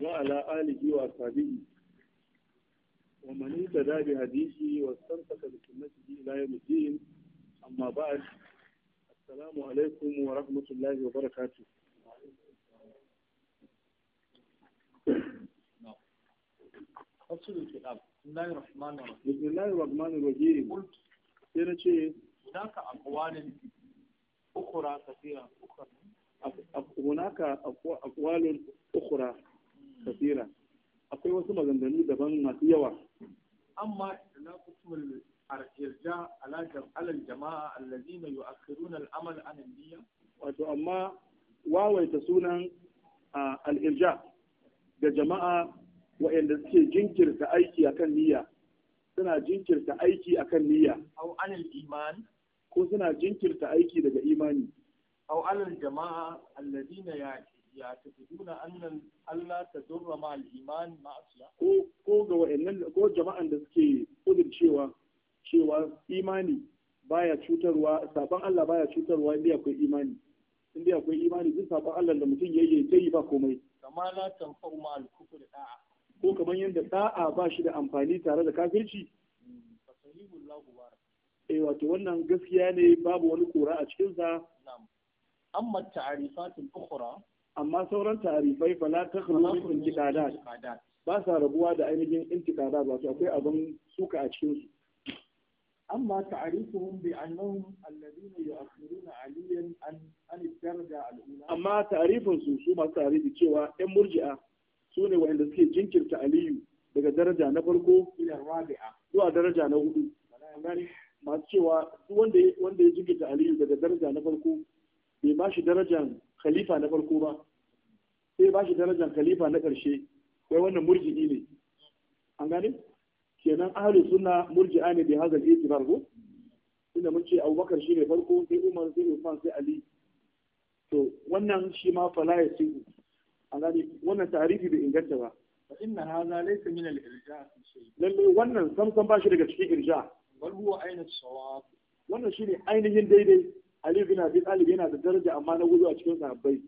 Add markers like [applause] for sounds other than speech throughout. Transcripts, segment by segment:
وعلى آله وأصحابه ومن اهتدى بهديه واستمسك بسنته إلى يوم الدين أما بعد السلام عليكم ورحمة الله وبركاته فصل الكتاب بسم الله الرحمن الرحيم بسم الله الرحمن الرحيم قلت سنة هناك أقوال أخرى كثيرة أخرى هناك أقوال أخرى kasira akwai wasu maganganu daban masu yawa amma na kutumul arja ala jama'a allazina yu'akhiruna al-amal an niyya wato amma wawaita sunan al-irja ga jama'a wa'anda suke jinkirta aiki akan niyya suna jinkirta aiki akan niyya aw anil iman ko suna jinkirta aiki daga imani aw alal jama'a alladina ya tafiduna annan Allah ta durra ma al-iman ma'asiya ko ko ga wayannan ko jama'an da suke kudin cewa imani baya cutarwa saban Allah baya cutarwa inda akwai imani inda akwai imani duk saban Allah da mutum yayi yi ba komai kama la tanfa'u ma al-kufr da'a ko kamar yadda da'a ba shi da amfani tare da kafirci fa eh wato wannan gaskiya ne babu wani kura a cikin sa amma ta'arifatul ukhra amma sauran tarifai fa la takhlu min intiqadat ba sa rabuwa da ainihin intiqadat wato akwai abin suka a cikin su amma ta'arifuhum bi annahum alladhina yu'akhiruna aliyan an an daraja al-ula amma ta'arifun su su masu tarihi cewa ɗan murji'a su ne wa'anda suke jinkirta aliyu daga daraja na farko zuwa daraja na hudu masu cewa wanda ya jinkirta aliyu daga daraja na farko bai ba shi darajan khalifa na farko ba sai ba shi darajar khalifa na ƙarshe wai wannan murji'i ne an gane kenan ahlu sunna murji'a ne bi hadal itibar ko inda mun ce Abubakar shine farko sai Umar sai Uthman sai Ali to wannan shi ma fala ya sigu an gane wannan tarihi bai inganta ba fa inna hadha laysa min al-irja' fi lalle wannan sam ba shi daga cikin irja wal huwa ainat sawab wannan shine ainihin daidai Ali bin Abi Talib yana da daraja amma na gudu a cikin sahabbai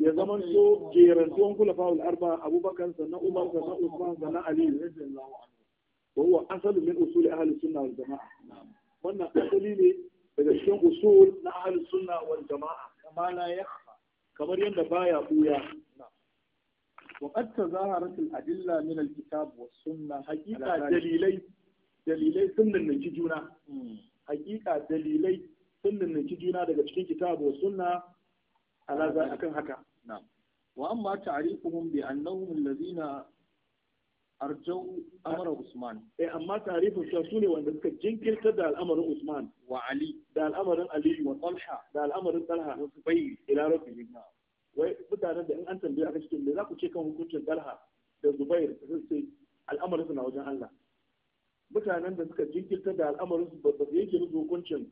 ya zama to jerantuwan kulafa al-arba Abubakar sannan Umar sannan Usman sannan Ali radiyallahu anhu min sunna wal jamaa wannan asali ne daga cikin usul na ahli sunna wal jamaa kamar yadda baya buya وقد تظاهرت الأدلة من الكتاب والسنة حقيقة dalilai. dalilai sun nannaci juna hmm. hakika dalilai sun nannaci juna daga cikin kitabu wa sunna ala za akan haka wa amma ta'rifuhum bi annahum allazina arjau amara usman eh amma ta'rifun su sune wanda suka jinkirta da al'amarin usman wa ali da al'amarin ali wa talha da al'amarin talha wa zubayr ila rabbihim wai mutanen da in an tambaye aka cikin me za ku ce kan hukuncin talha da zubair sai al'amarin su na wajen Allah mutanen da suka jinkirta da al'amarin su ba su yanke musu hukuncin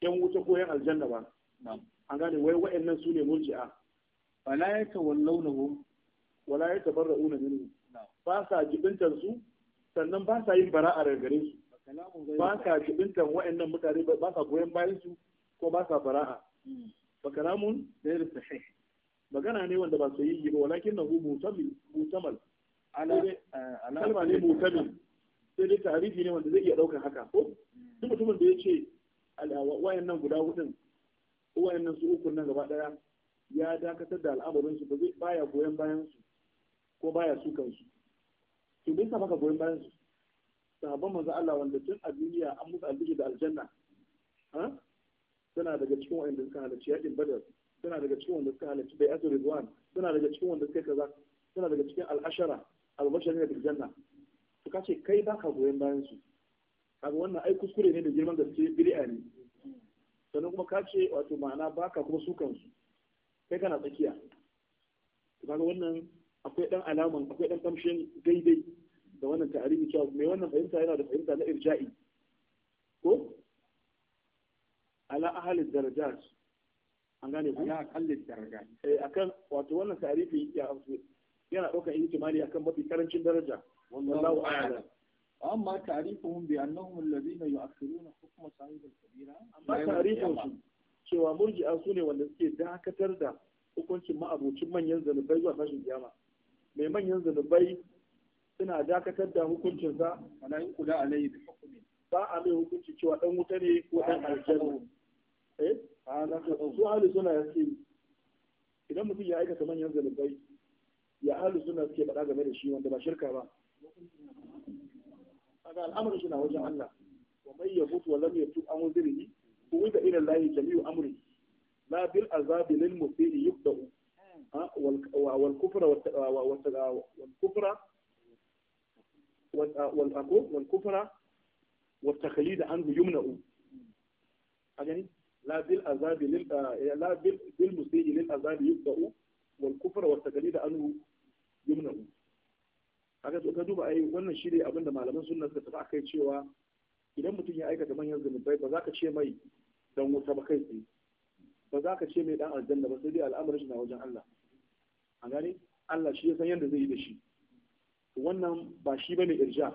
yan wuta ko yan aljanna ba an gane wai wa'annan su ne murji'a wala ya tawallawnahu wala ya tabarra'una minhu ba sa jibintar su sannan ba sa yin bara'a daga gare su ba sa jibintar wa'annan mutane ba sa goyon bayan su ko ba sa bara'a fa hmm. kalamun ghayr sahih magana ne wanda ba su yi ba walakin hu mutamal eh, ala kalma ne mutamal sai dai tarihi ne wanda zai iya ɗaukar haka ko duk mutumin da ya ce wayan nan guda hudun ko wayan nan su uku nan gaba ɗaya ya dakatar da al'amarin su ba ya baya goyon bayan su ko baya su su to me yasa baka goyon bayan su sahabban manzo Allah wanda tun a duniya an musu albiji da aljanna ha suna daga cikin wanda suka halarci yakin badar suna daga cikin wanda suka halarci bai asu ridwan suna daga cikin wanda suka kaza suna daga cikin al'ashara al-bashar ne da janna suka ce kai ba ka goyon bayan su kaga wannan ai kuskure ne da girman gaske bid'a ne sannan kuma ka ce wato ma'ana ka kuma su kansu kai kana tsakiya kaga wannan akwai dan alaman akwai dan kamshin daidai da wannan ta'arifi cewa mai wannan fahimta yana da fahimta na irja'i ko ala ahalin darajat an gane ku ala akalin darajat eh akan wato wannan ta'arifi ya yana ɗaukar ihtimali akan mafi karancin daraja wallahu a'lam amma ta'rifuhum bi annahum alladhina yu'akhiruna hukm sahib al-kabira amma ta'rifuhum cewa murji'a sune wanda suke dakatar da hukuncin ma'abocin manyan zanubai zuwa fashin kiyama mai manyan zanubai suna dakatar da hukuncinsa wala yin kula alayhi bi ba a mai hukunci cewa dan wuta ne ko dan aljanna eh a na ka su hali suna yake idan mutum ya aikata manyan zanubai ya hali suna suke faɗa game da shi wanda ba shirka ba kaga al'amarin suna na wajen Allah wa mai ya mutu wa lam yatub an wuzirihi uwida ila Allah jami'u amri la bil azabi lil musii yubda'u hmm. wal kufra wal kufra wal kufra takhlid yumna'u a la bil azabi lil eh, eh, la bil kaga so ka duba ai wannan shi ne abin da malaman sunna suka tafi akai cewa idan mutum ya aikata manyan zunubai ba za ka ce mai dan wuta ba kai tsaye ba za ka ce mai dan aljanna ba sai dai al'amarin shi na wajen Allah a gane Allah shi ya san yadda zai yi da shi wannan ba shi bane irja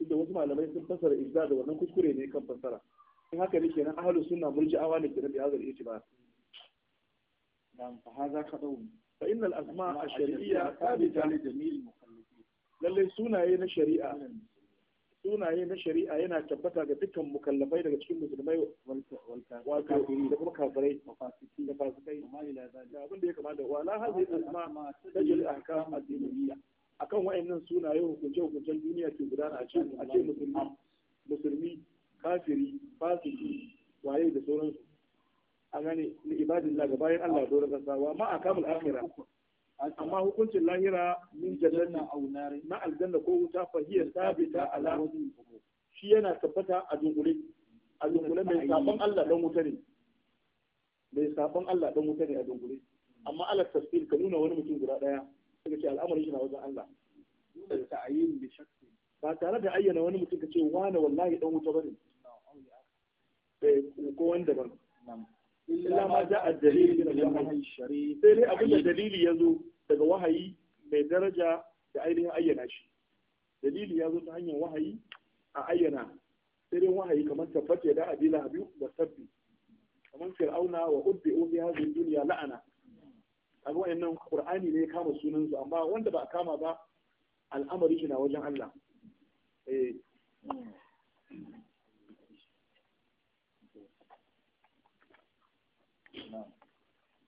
inda wasu malamai sun fassara irja da wannan kuskure ne kan fassara in haka ne kenan ahlus sunna murji'awa ne kenan bi hazal itibar dan fa ka kadau fa innal asma' ash-shar'iyya thabita li jami'il Lallai sunaye na shari'a sunaye na shari'a yana tabbata ga dukkan mukallafai daga cikin musulmai wata da kuma kafirai da fasikai da abin da ya kamata hazi asma tajri ahkam ad-diniyya akan wayannan sunaye hukunce hukuncen duniya ke gudana a ce a ce musulmi musulmi kafiri fasiki waye da sauransu a gane ibadillah ga bayan Allah doron wa ma akamul akhirah amma hukuncin lahira min jannatin aw nari na aljanna ko wuta fa hiya sabita ala shi yana tabbata a dunkule a dunkule mai sabon Allah dan wuta ne mai sabon Allah dan wuta ne a dunkule amma ala tafsir ka nuna wani mutum guda daya kaga ce al'amarin shi na wajen Allah shakki ba tare da ayyana wani mutum ka ce wani wallahi dan wuta bane eh, ko wanda ba. illa ma za a dalili min sai dai abin da dalili yazo daga wahayi mai daraja da ainihin ayyana shi dalili ya zo ta hanyar wahayi a ayyana sai dai wahayi kamar tabbata da adila habibu wa sabbi kamar fir'auna wa ubbi ubi hadhihi dunya la'ana kaga wayannan qur'ani ne ya kama sunan su amma wanda ba a kama ba al'amari shi na wajen Allah eh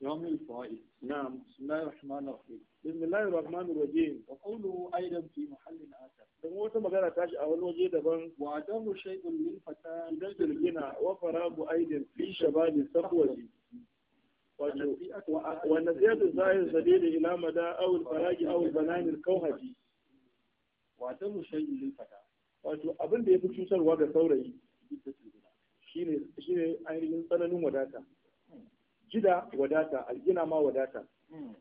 يوم الفوائد نعم بسم الله الرحمن الرحيم بسم الله الرحمن الرحيم وقوله في محل wata magana tashi a wani waje daban wa adamu shay'un min fata dan jirgina wa farabu aidin fi shababi safwaji wato wa nasiyatu zahir sadidi ila mada aw al faragi aw al banan al wa adamu shay'un min fata wato abin da yafi cutarwa ga saurayi shine shine ainihin tsananin wadata Gida wadata algina ma wadata da hmm.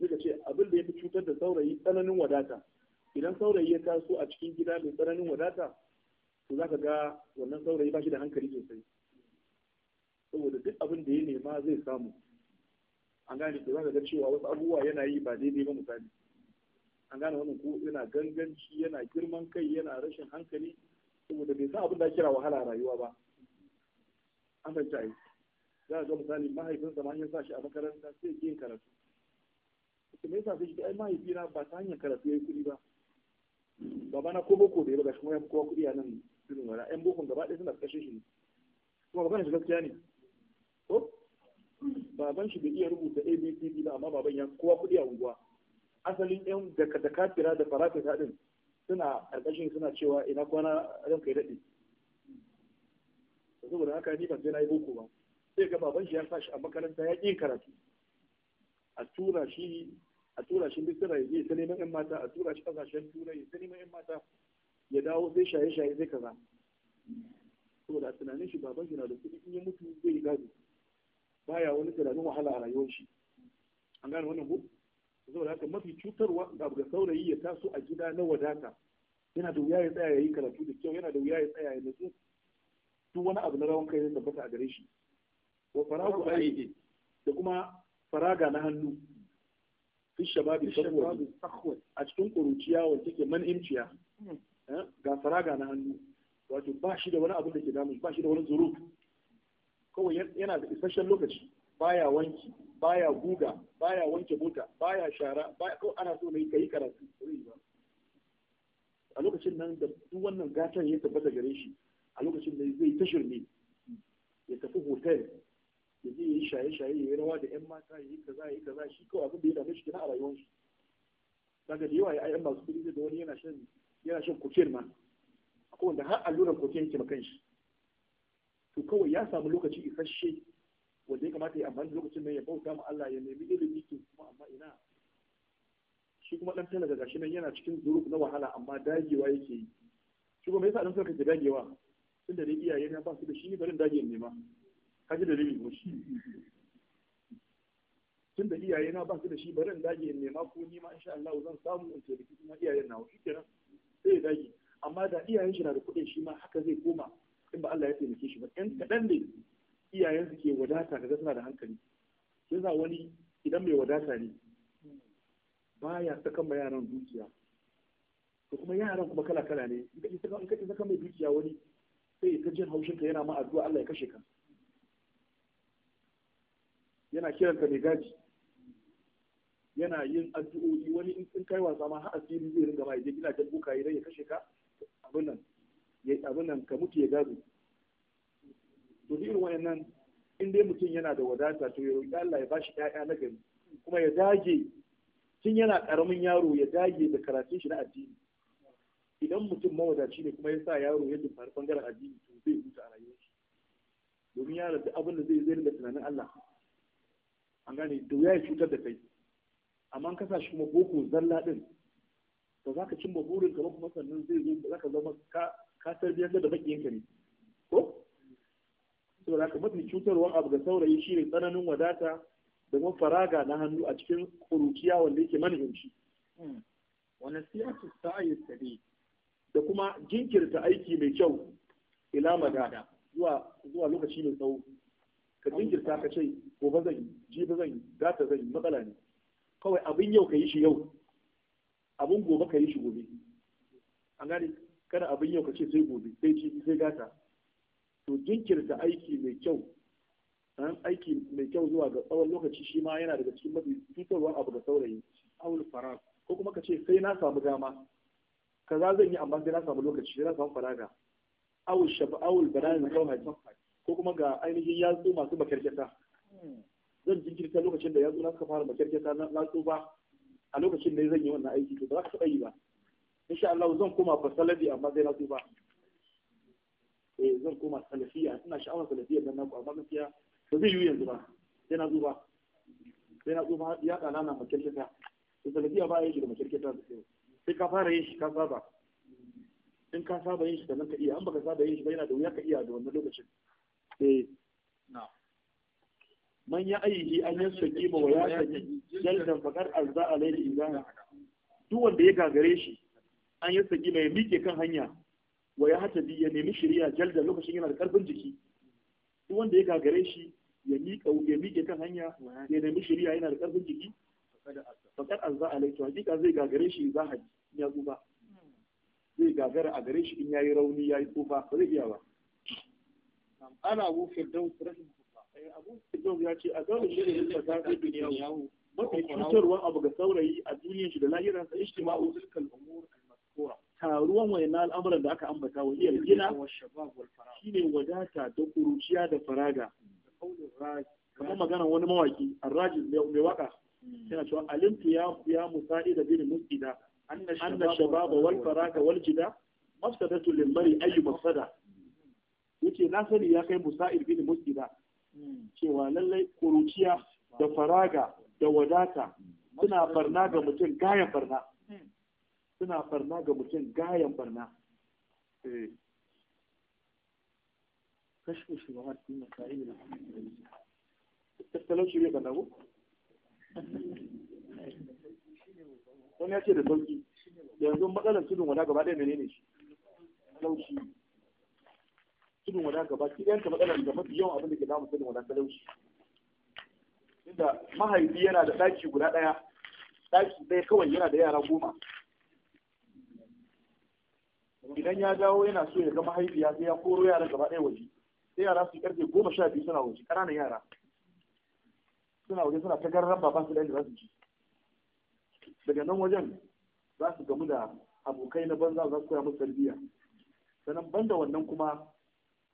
suka ce abin da ya fi cutar da saurayi tsananin wadata idan saurayi ya taso a cikin gida mai tsananin wadata to za ka ga wannan saurayi ba shi da hankali sosai saboda duk abin da ya nema zai samu an gane to za ka ga cewa wasu abubuwa yana yi ba daidai ba misali an gane wannan ko yana ganganci yana girman kai yana rashin hankali saboda bai san abin da kira wahala rayuwa ba an fahimta za a ga misali mahaifinsa ma yin sa shi a makaranta sai ya yin karatu to mai yasa sai shi ai mahaifina ba ta hanyar karatu ya yi kuɗi ba baba na ko boko da ya baga shi kuma ya kowa kuɗi a nan irin wani ƴan bokon gaba ɗaya suna kashe shi ne kuma baban shi gaskiya ne ko baban shi bai iya rubuta abcd ba amma baban ya kowa kuɗi a unguwa asalin 'yan daga da kafira da farafita din suna ƙarƙashin suna cewa ina kwana ranka ya daɗe saboda haka ni ban sai na yi boko ba sai ga baban shi ya sa shi a makaranta ya ƙi karatu a tura shi a tura shi misira ya ta neman yan mata a tura shi ƙasashen turai ya ta neman yan mata ya dawo sai shaye-shaye zai kaza saboda tunanin shi baban shi na da kuɗi in ya mutu zai gado baya wani tunanin wahala a rayuwar shi an gane wannan ko saboda haka mafi cutarwa ga ga saurayi ya taso a gida na wadata yana da wuya ya tsaya ya yi karatu da kyau yana da wuya ya tsaya ya nutsu duk wani abu na rawan kai zai tabbata a gare shi wa faragu ayi da kuma faraga na hannu fi shababi sakwai a cikin kuruciya wa take manhimciya hmm. eh, ga faraga na hannu wato ba shi da wani abu da ke damun ba shi da wani zuru kawai yana da isasshen lokaci baya wanki baya guga baya wanke mota baya shara baya kawai ana so ne kai karatu a lokacin nan da duk wannan gatan ya tabbata gare shi a lokacin da zai ta shirme ya tafi hotel ya ji yi shaye-shaye ya yi rawa da 'yan mata ya yi kaza ya yi kaza shi kawai abin da ya dame shi kina a rayuwar shi daga da yawa ya ayyan masu kuɗi da wani yana shan yana shan kokain ma akwai wanda har allurar kokain yake makan shi to kawai ya samu lokaci isasshe wanda ya kamata ya amfani lokacin mai ya bauta ma Allah ya nemi ilimi ke kuma amma ina shi kuma dan talaga gashi nan yana cikin zuruf na wahala amma dagewa yake yi shi kuma yasa dan talaka ke dagewa da dai iyaye na ba su da shi ne barin dage nema ka ji dalili ko shi tun da iyaye na ba su da shi barin in dage in nema ko ni ma insha Allah zan samu in taimaki kuma iyayen nawa shi kenan sai ya dage amma da iyayen shi na da kuɗin shi ma haka zai koma in ba Allah ya taimake shi ba ɗan kaɗan ne iyayen su ke wadata kaga suna da hankali sai za wani idan mai wadata ne baya ta kama yaran dukiya to kuma yaran kuma kala kala ne idan ka saka mai dukiya wani sai ka jin haushin ka yana ma addu'a Allah ya kashe ka yana kiranta mai gaji yana yin addu'o'i wani in kai wasa ma har asiri zai ringa ma gina ta buka yi dan ya kashe ka abin nan ya abin nan ka mutu ya gado to irin wayannan in dai mutum yana da wadata to ya roki Allah ya bashi ƴaƴa na gari kuma ya dage tun yana karamin yaro ya dage da karatun shi na addini idan mutum mawadaci ne kuma ya sa yaro ya dumfari bangaren addini to zai huta a rayuwar shi domin yaron duk abin da zai zai da tunanin Allah an gane da wuya ya cutar da kai amma an kasa shi kuma boko zalla din ba za ka cimma burin ka kuma sannan zai zo ba za ka zama ka tarbiyar da bakin ka ne ko saboda haka mutu cutarwa abu da saurayi shine tsananin wadata da kuma faraga na hannu a cikin kuruciya wanda yake manhimci hmm. wani siyasa yi tsari da kuma jinkirta aiki mai kyau ila magana zuwa lokaci mai tsawo ka jinkirta ka ce gobe zan yi jibi zan yi gata zan yi matsala ne kawai abin yau ka yi shi yau abin gobe ka yi shi gobe an gane kada abin yau ka ce sai gobe sai jibi sai gata to jinkirta aiki mai kyau an eh, aiki mai kyau zuwa ga tsawon lokaci shi ma yana daga cikin mafi cutarwa abu ga saurayi awul farar ko kuma ka ce sai na samu dama kaza zan yi amma sai na samu lokaci sai na samu faraga awul shafa awul barayin kawai ko kuma ga ainihin yatsu masu makarkata hmm. zan jinkirta lokacin da yatsu na suka fara makarkata na ba a lokacin da zan yi wannan aiki to ba za ka taɓa yi ba insha Allah zan koma ba salafi amma zai na ba eh zan koma salafiya ina sha'awar salafiya dan naku amma gaskiya ba zai yi yanzu ba sai na zuba sai na zuba ya kana na makarkata to salafiya ba ya yi da makarkata da sai sai ka fara yin shi ka saba in ka saba yin shi sannan ka iya an baka saba yin shi ba yana da wuya ka iya da wannan lokacin eh man ya aihi an yi saki ba wa ya saki jaldan fakar arza alaihi idan duk wanda ya gagare shi an yi ma ya mike kan hanya wa ya hata ya nemi shirya jalda lokacin yana da karfin jiki duk wanda ya gagare shi ya mika ya mike kan hanya ya nemi shirya yana da karfin jiki fakar arza alaihi hakika zai gagare shi za ya tsufa hmm. zai gagara a gare shi in yayi rauni yayi tsufa ba zai iya ba ana abu firdaus rahimahullah eh, abu firdaus ya ce a gaurin shirin da ta fi yawo. mafi cutarwa abu ga saurayi a duniyar shi da lahirar sa ijtima'u tilkal umur al-mazkura taruwan na al'amuran da aka ambata wa iyar gina shi ne wadata da kuruciya da faraga kamar magana wani mawaki arraji mai waka yana cewa alimtu ya ya musa'ida bin musida anna shababa wal faraga wal jida mafsadatu lil mar'i ayyu mafsada yake na sani ya kai musa'il bin musida hmm. cewa lallai kuruciya da faraga da wadata hmm. hmm. suna barna ga mutum gayan barna suna barna ga mutum eh. gayan barna kashfu shubuhat fi masail al-hadith shi ne [laughs] wani ya ce da sauki yanzu matsalar tudun wada gaba ɗaya menene shi sauki tudun wada gaba ki yanka matsalar da mafi yawan abin da ke damu tudun wada talauci inda mahaifi yana da ɗaki guda ɗaya ɗaki ɗaya kawai yana da yara goma idan ya dawo yana so ya ga mahaifiya sai ya koro yara gaba ɗaya waje sai yara su karfe goma sha biyu suna waje ƙananan yara suna waje suna ta garran ba su da su ci daga nan wajen za su gamu da abokai na banza za su koya musu tarbiyya sannan banda wannan kuma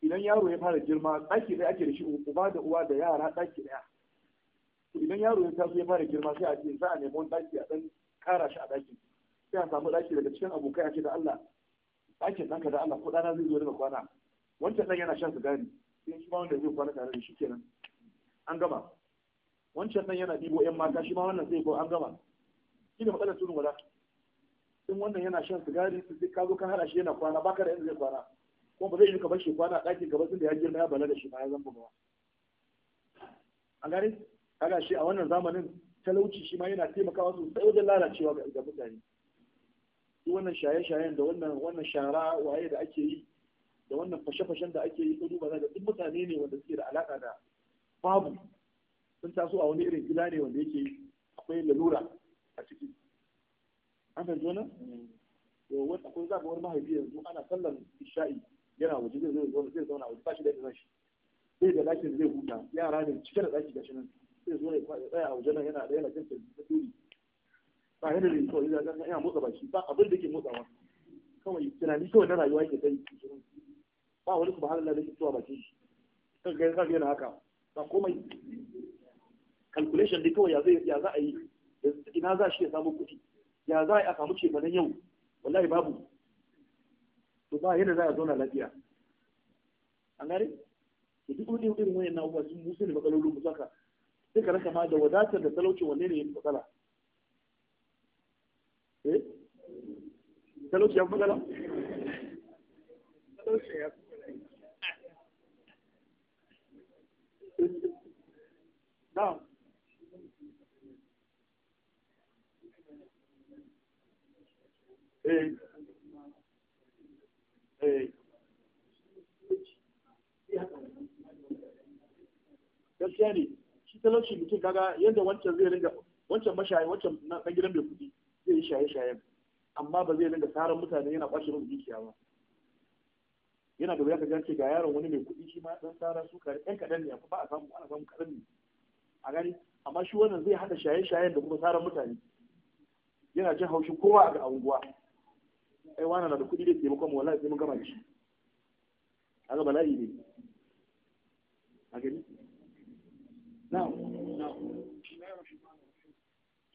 idan yaro ya fara girma ɗaki ɗaya ake da shi uba da uwa da yara ɗaki ɗaya to idan yaro ya taso ya fara girma sai a ce za a nemi wani ɗaki a ɗan kara shi a ɗakin sai a samu ɗaki daga cikin abokai a ce da Allah ɗakin ɗanka da Allah ko ɗana zai zo daga kwana wancan ɗan yana shan sigari sai shi ma wanda zai kwana tare da shi kenan an gama wancan ɗan yana ɗibo ƴan mata shi ma wannan zai ko an gama shi ne matsalar tunin wala in wannan yana shan sigari sai ka zo ka hada shi yana kwana baka da yanzu zai kwana ko ba zai yi kamar shi kwana ɗakin gaba sun da ya girma ya bala da shi ba ya zamba ba a gare, kaga shi a wannan zamanin talauci shi ma yana taimakawa sosai wajen lalacewa ga mutane duk wannan shaye-shayen da wannan wannan shara waye da ake yi da wannan fashe-fashen da ake yi ko duba daga duk mutane ne wanda suke da alaka da babu sun taso a wani irin gida ne wanda yake akwai lalura a ciki an fahimci wannan mm. akwai zaka wani mahaifi yanzu ana sallar isha'i yana waje zai zai zo zai zauna waje ba shi da ɗan shi zai da ɗakin zai huta yara ne cike da ɗaki gashi nan zai zo ya tsaya a waje nan yana da yana jin tasiri ba yana da yanzu ya ga yana motsa baki ba abin da ke motsawa kawai tunani kawai na rayuwa yake kai ba wani su ba halalla da ke zuwa bakin shi kan ga yanzu yana haka ba komai calculation dai kawai ya zai ya za a yi ina za shi ya samu kuɗi ya za a samu ce yau wallahi babu to ba yadda za a zauna lafiya an gane to duk wani irin wani na uwa sun musu ne matsalolin mu saka sai ka rasa ma da wadatar da talauci wanne ne yake matsala eh talauci ya matsala talauci ya na'am eh bambanci mutum kaga yadda wancan zai ringa wancan mashayi wancan na gidan mai kuɗi zai yi shaye-shayen amma ba zai ringa tsaron mutane yana kwashe musu dukiya ba yana da wuya ka gance ga yaron wani mai kuɗi shi ma dan tsara su kare ɗan kaɗan ne ba a samu ana samu kaɗan ne a gani amma shi wannan zai haɗa shaye-shayen da kuma tsaron mutane yana jin haushin kowa a ga unguwa ai wani na da kuɗi da taimakon wallahi sai mun gama da shi kaga bala'i ne a gani نعم نعم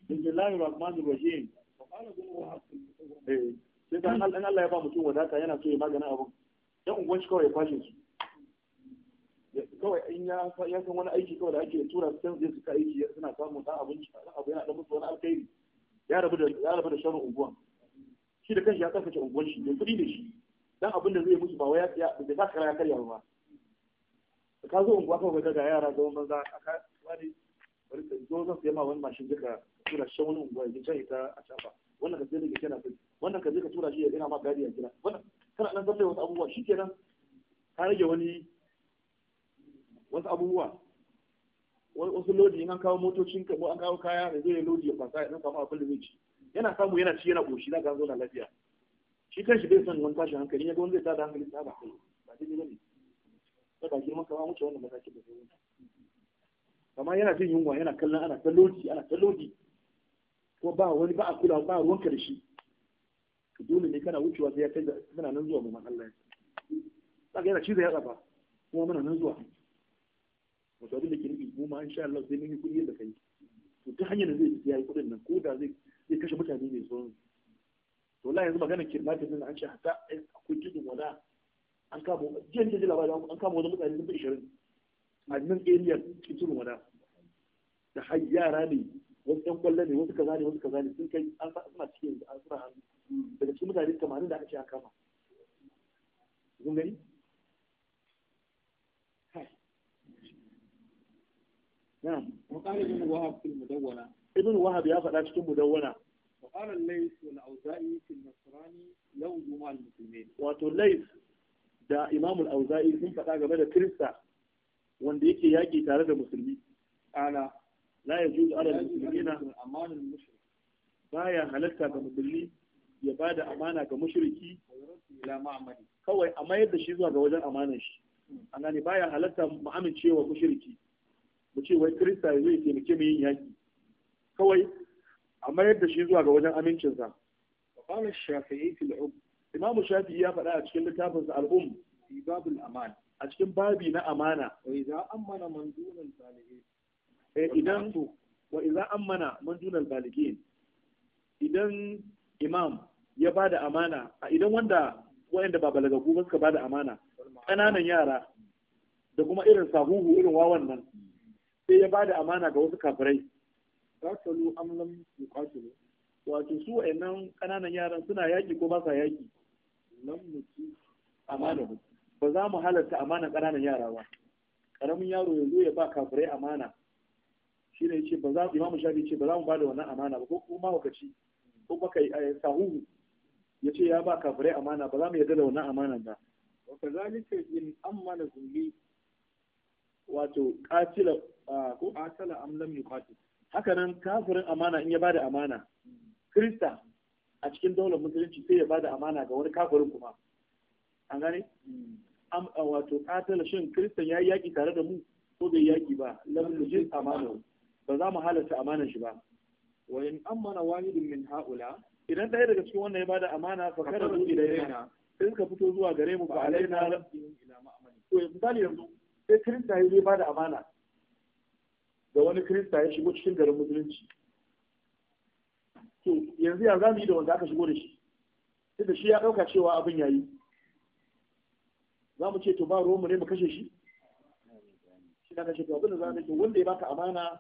بسم الله sai da Allah ya ba mutum wadata yana so ya magana abin yan unguwan shi kawai ya kwashe su kawai in ya san wani aiki kawai da ake tura su aiki suna samun abinci abu yana da musu wani alkhairi ya rabu da ya rabu da shi da kanshi ya kuɗi da shi abin da zai musu ba wai ya da ta kara karya ba ka zo unguwa kawai daga yara ga wani banza a wani bari ka zo zan siya ma wani mashin duka tura shan wani unguwa ya can ita a can wannan ka sai da kenan sai wannan ka je ka tura shi ya ina ma gadi ya kira wannan kana nan zan wasu abubuwa shi shikenan ka rage wani wasu abubuwa wasu lodi in an kawo motocin ka ko an kawo kaya da zai lodi ya fasa ya dan samu abin da zai ci yana samu yana ci yana koshi za ka zo na lafiya shi shi bai son wani tashin hankali ya ga wani zai tada hankali ta ba kai ba dai ne saka girman kama wuce wannan matakin da zai wuce amma yana jin yunwa yana kallon ana talodi ana talodi ko ba wani ba a kula ba ruwanka da shi to dole ne kana wucewa sai ya kai da muna nan zuwa mu man Allah saka yana cizo ya tsafa kuma muna nan zuwa wato abin da ke nufi mu ma insha Allah sai mun yi kuɗi yadda kai to ta hanyar da zai yi yayi kuɗin nan ko da zai zai kashe mutane ne sauran to la yanzu magana kirmatin nan an ce hatta eh, akwai tudun wada an kama jiyan jiyan labarin an kama wani mutane dubu ishirin a nan area kitchen wada da har yara ne wasu yan kwallo ne wasu kaza ne wasu kaza ne sun kai an suna cikin an suna hannu daga cikin mutane tamanin da ake kama kun gani نعم وقال ابن وهب في المدونة ابن وهب يا فلاش في المدونة وقال الليث والأوزائي في النصراني يوم المسلمين وقال الليث da Imam al auza'i sun faɗa game da kirista wanda yake yaƙi tare da musulmi ana la ya juzu ala musulmina amanul mushrik baya halatta ga musulmi ya ba da amana ga mushriki kawai a mayar da shi zuwa ga wajen amanar shi A gane baya halatta mu amincewa mushriki mu ce wai kirista ya zai taimake mu yin yaƙi kawai a mayar da shi zuwa ga wajen amincinsa. Wa qala shafi'i fil 'ubd imamu shafi ya faɗa a cikin littafinsa al'um babul aman a cikin babi na amana wa idza amana man eh idan wa idza amana man dunal balighin idan imam ya bada amana a idan wanda wanda ba balagagu ba suka bada amana ƙananan yara da kuma irin sahuhu irin wawan nan sai ya bada amana ga wasu kafirai qatalu am yuqatilu wato su wayannan ƙananan yaran suna yaki ko ba sa yaki amana ba za mu halarta amana ƙananan yara ba ƙaramin yaro ya zo ya ba kafirai amana shi ne ce ba za mu imamu shafi ce ba za mu ba wannan amana ba ko kuma wakaci ko baka eh, sahu ya ce ya ba kafirai amana ba za mu yarda da wannan amanan ba wa kazalika in amana zulli wato qatila ah, ko qatala am lam yuqatil haka nan kafirin amana in ya bada amana krista a cikin daular musulunci sai ya bada amana ga wani kafirin kuma an gane wato katala shin kristan ya yi yaƙi tare da mu ko bai yaƙi ba lamun jin amana ba za mu halarta amanar shi ba wa in amana wahidin min haula idan ɗaya daga cikin wannan ya bada amana fa kada mu ilaina sai suka fito zuwa gare mu fa alaina to misali yanzu sai kirista ya bada amana Ga wani kirista ya shigo cikin garin musulunci to yanzu ya yi da wanda aka shigo da shi tunda shi ya ɗauka cewa abin yayi za mu ce to ba mu ne mu kashe shi shi na kashe to abin da za mu ce wanda ya baka amana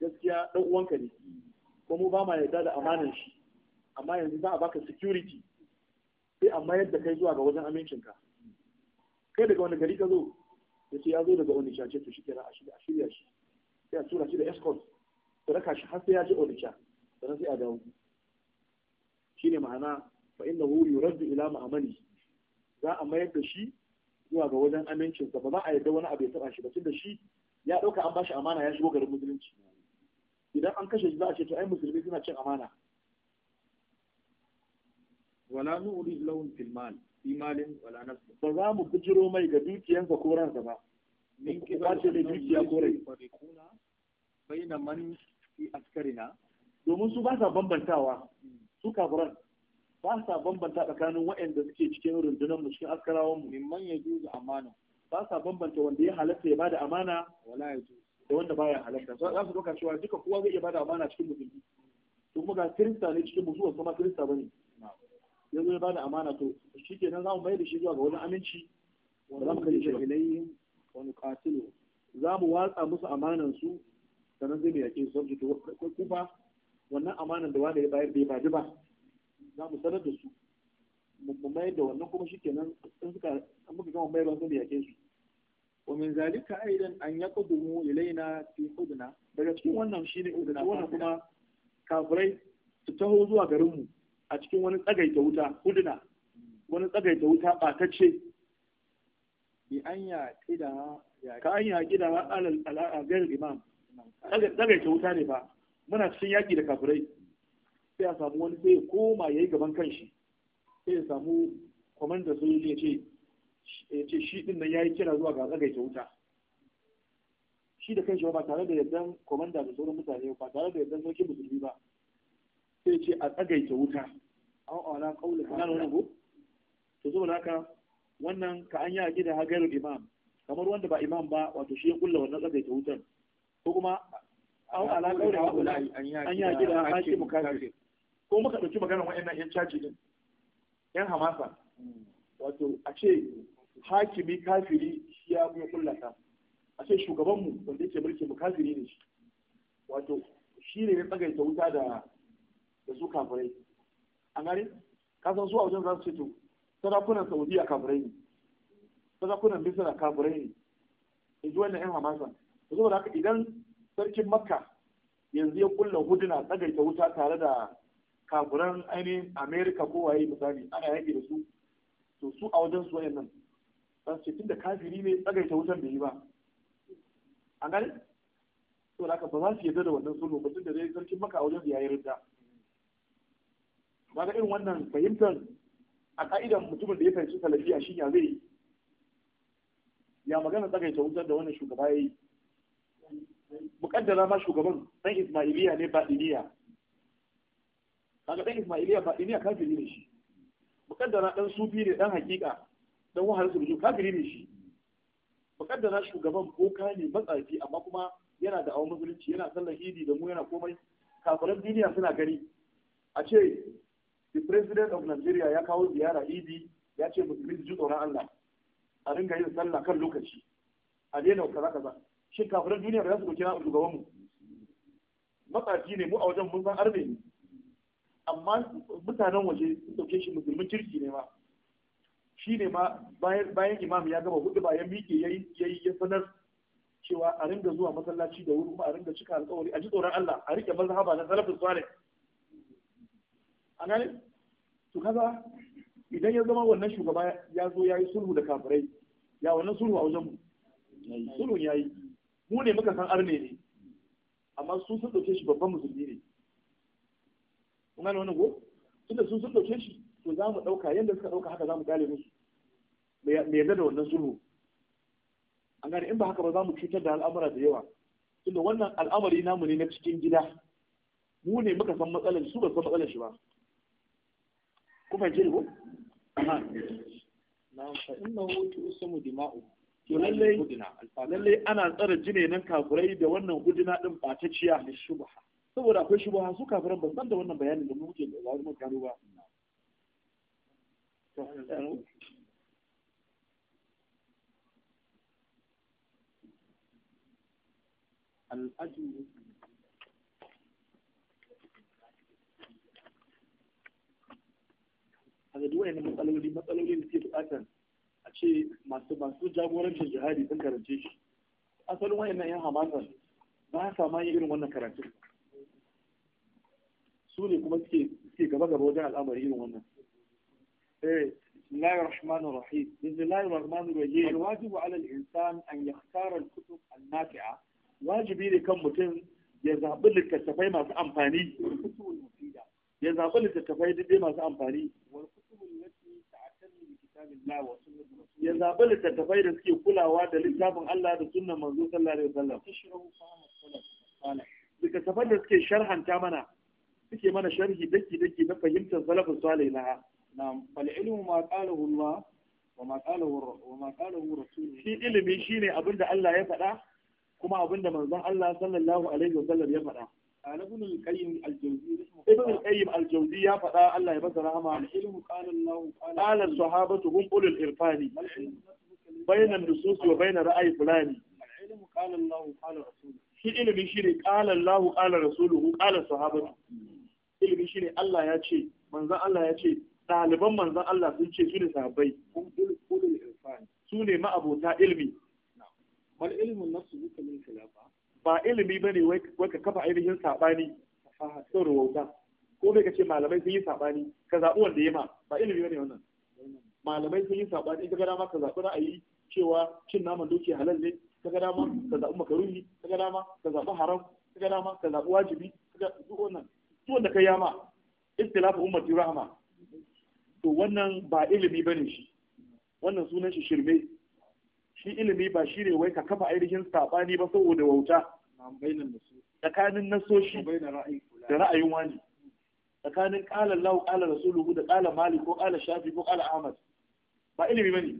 gaskiya ɗan uwanka ne ko mu ba ma yarda da amanar shi amma yanzu za a baka security sai amma yadda kai zuwa ga wajen amincinka kai daga wani gari ka zo ya ce ya zo daga onisha ce to shi kenan a shirya shi sai a tura shi da escort su raka shi har sai ya je onisha sannan sai a dawo Shi ne ma'ana fa innahu yuraddu ila ma'amali za a mayar da shi zuwa ga wajen amincinsa ba za a yarda wani abu ya taba shi ba tunda shi ya dauka an bashi amana ya shigo garin musulunci idan an kashe shi za a ce to ai musulmi suna cin amana wala nu'rid lahum fil mal fi malin wala nafs ba za mu bijiro mai ga dukiyansa ko ransa ba min kibace da dukiya ko rai baina man fi askarina domin su ba sa bambantawa su kafiran ba sa bambanta tsakanin waɗanda suke cikin rundunar mu cikin askarawan mu mimman ya juzu amana ba sa bambanta wanda ya halatta ya bada amana wala ya da wanda baya halatta za su doka cewa duka kowa zai iya bada amana cikin musulmi to kuma ga kirista ne cikin musu wasu ma kirista bane ya zo ya bada amana to shikenan za mu mai da shi zuwa ga wani aminci wanda zamu kai shi ilayhim wa nuqatilu za mu watsa musu amanan su sannan zai yake su to kufa wannan amanan da wani ya bayar bai baji ba za mu sanar da su mu mayar da wannan kuma shi kenan sun suka an muka gama mayarwa sun da yake su wa min zalika aidan an yaqdumu ilaina fi hudna daga cikin wannan shine hudna wannan kuma kafirai su taho zuwa garin mu a cikin wani tsagaita wuta hudna wani tsagaita wuta ce. bi an ya kida ka an ya kida alal alal imam tsagaita wuta ne ba muna cikin yaƙi da kafirai sai a samu wani sai koma ya yi gaban kanshi sai ya samu kwamanda sojoji ya ce ya ce shi din nan ya yi kira zuwa ga tsagaita wuta shi da kanshi ba tare da yardan kwamanda da sauran mutane ba tare da yardan sarki musulmi ba sai ce a tsagaita wuta an ala kaulin kana wani ko to saboda haka wannan ka an yi a gida hagarul imam kamar wanda ba imam ba wato shi ya kulla wannan tsagaita wutan ko kuma an ala kaura wa ulai an ya gida hakim kafir ko muka dauki maganar wayannan yan caji din yan hamasa wato a ce hakimi kafiri shi ya kuma kullata a ce shugaban mu wanda yake mulki mu kafiri ne shi wato shi ne ya tsagaita wuta da da su kafirai A gane ka san su a wajen za su ce to sarakunan saudiya kafirai ne sarakunan misira kafirai ne in ji wannan yan hamasa saboda haka idan sarkin makka yanzu ya kulla huduna tsagaita wuta tare da kafuran ainihin amerika ko waye misali ana yaƙi da su to su a wajen su wayannan dan ce tunda kafiri ne tsagaita wutan bai yi ba an gani to da ba za su yarda da wannan sulhu ba tunda dai sarkin maka a wajen su yayi ridda ga irin wannan fahimtar a ka'idan mutumin da ya fahimci salafiya shi ya zai ya magana tsagaita wutar da wannan shugaba ya yi mukaddara ma shugaban dan Ismailiya ne ba Iliya kaga dan Ismailiya ba Iliya kafiri ne shi mukaddara dan sufi ne dan hakika dan wahal su kafiri ne shi mukaddara shugaban boka ne matsafi amma kuma yana da awon musulunci yana sallar idi da mu yana komai kafiran duniya suna gani a ce the president of Nigeria ya kawo ziyara idi ya ce musulmi ji tsoron Allah a ringa yin sallah kan lokaci a daina kaza kaza shin kafiran duniya ba za su doke shugaban mu matsafi ne mu a wajen mun san arbe ne amma mutanen waje sun dauke shi musulmin kirki ne ma shi ne ma bayan imam ya gama hudu bayan miƙe ya yi sanar cewa a ringa zuwa masallaci da wuri kuma a ringa cika alƙawari a ji tsoron Allah a rike mazhaba na salafin salih a to kaza idan ya zama wannan shugaba ya zo ya yi sulhu da kafirai ya wannan sulhu a wajen mu sulhun ya yi mu ne muka san arne ne amma su sun dauke shi babban musulmi ne kun gane wannan ko tunda sun sun dauke shi to za mu ɗauka yadda suka ɗauka haka za mu gale musu me yadda da wannan sulhu an gane in ba haka ba za mu cutar da al'amura da yawa tunda wannan al'amari namu ne na cikin gida mu ne muka san matsalar su ba san matsalar shi ba Kuma fahimci na na'am fa innahu tu'samu dima'u to lallai lallai ana tsare jinenan kafirai da wannan hudina din batacciya da shubha saboda akwai shubha su kafiran ban san da wannan bayanin da muke da zaru mun gano ba a ga duwayen matsaloli da ke bukatar ce masu masu jagorancin jihadi sun karance shi asalin wayannan yan hamasa ba sa ma yin irin wannan karatu su ne kuma suke suke gaba gaba wajen al'amari irin wannan eh بسم الله الرحمن الرحيم بسم الله الرحمن الرحيم insan an الإنسان أن يختار an nafi'a wajibi ne kan mutum ya zaɓi littattafai masu amfani ya zaɓi littattafai daidai masu amfani ya zaɓi littattafai da suke kulawa da littafin Allah da sunnan manzo sallallahu alaihi wasallam littattafan da suke sharhanta mana suke mana sharhi daki daki na fahimtar salafin salih na na'am fal ilmu ma qalahu Allah wa ma qalahu wa ma qalahu rasul shi ilimi shine abinda Allah ya faɗa kuma abinda manzon Allah sallallahu alaihi wasallam ya faɗa ibn al-qayyim ya faɗa Allah ya masa rahama al-ilmu qala Allah qala sahabatu hum ulul irfani bayna an-nusus wa ra'ayi shi ilimi shine qala Allah rasuluhu qala sahabatu Allah ya ce manzon Allah ya ce ɗaliban manzon Allah sun ce su ne sahabbai su ne ma'abota ilmi mal nasu duka min ba ilimi bane wai ka kafa ainihin sabani saboda wauta ko bai ce malamai sun yi sabani ka zaɓi wanda ya ma ba ilimi bane wannan malamai sun yi sabani ka ga dama ka a ra'ayi cewa cin naman doki halal ne ka ga dama ka zaɓi makaruni ka ga dama ka zaɓi haram ka ga dama ka zaɓi wajibi ka ga duk wannan duk wanda ka yama istilafu ummati rahma to wannan ba ilimi bane shi wannan sunan shi shirme shi ilimi ba shi ne wai ka kafa ainihin saɓani ba saboda wauta tsakanin nasoshi da ra'ayin wani tsakanin ƙalar lau ƙalar rasuluhu da ƙalar mali ko ƙalar shafi ko ƙalar ahmad ba ilimi ba ne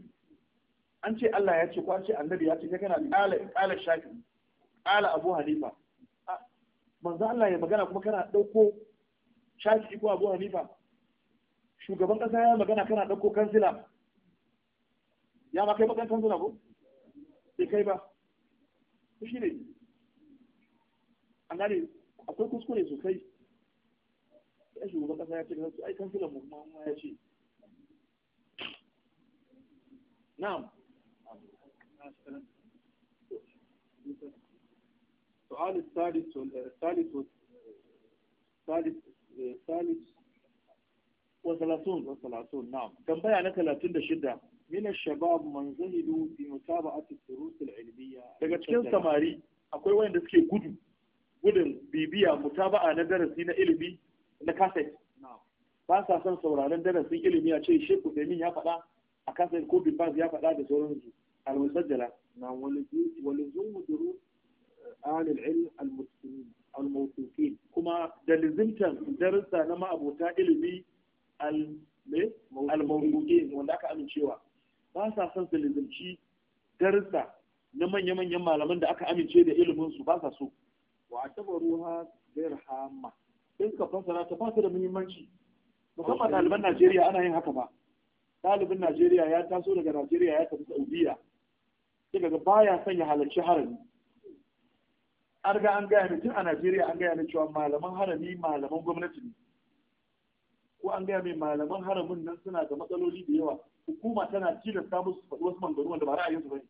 an ce allah ya ce ko an ce annabi ya ce ka kana ƙalar shafi ƙalar abu hanifa manzo allah ya magana kuma kana ɗauko shafi ko abu hanifa shugaban ƙasa ya magana kana ɗauko kansila ya ma kai bakan kansila ko bai kai ba shi ne an gane akwai kuskure sosai ya shugaban kasa ya ce da su ai kansilan mu ya ce na'am سؤال الثالث الثالث الثالث الثالث وثلاثون وثلاثون نعم كم بيع لك 36 min shabab man zahidu bi mutaba'ati durus al-ilmiyya daga cikin samari akwai wanda suke gudu gudun bibiya mutaba'a na darasi na ilimi na kaset ba sa son sauraron darasin ilimi a ce sheku Demin ya fada a kaset ko Bimbaz ya fada da sauransu al-musajjala na walizumu duru alil ilm al-mawtufin kuma da lizimtan darussa na ma'abota ilimi al-mawtufin wanda aka amincewa ba sa son su lizimci darussa na manya-manyan malaman da aka amince da iliminsu ba sa so wa a taba ruwa zai hama in ka fasara ta ba da muhimmanci musamman ɗaliban najeriya ana yin haka ba ɗalibin najeriya ya taso daga najeriya ya tafi saudiya sai daga baya son ya halarci harami an ga an gaya tun a najeriya an gaya cewa malaman harami malaman gwamnati ne ko an gaya mai malaman haramin nan suna da matsaloli da yawa hukuma tana tilasta musu faɗi wasu mangaru wanda ba ra'ayinsu ba ne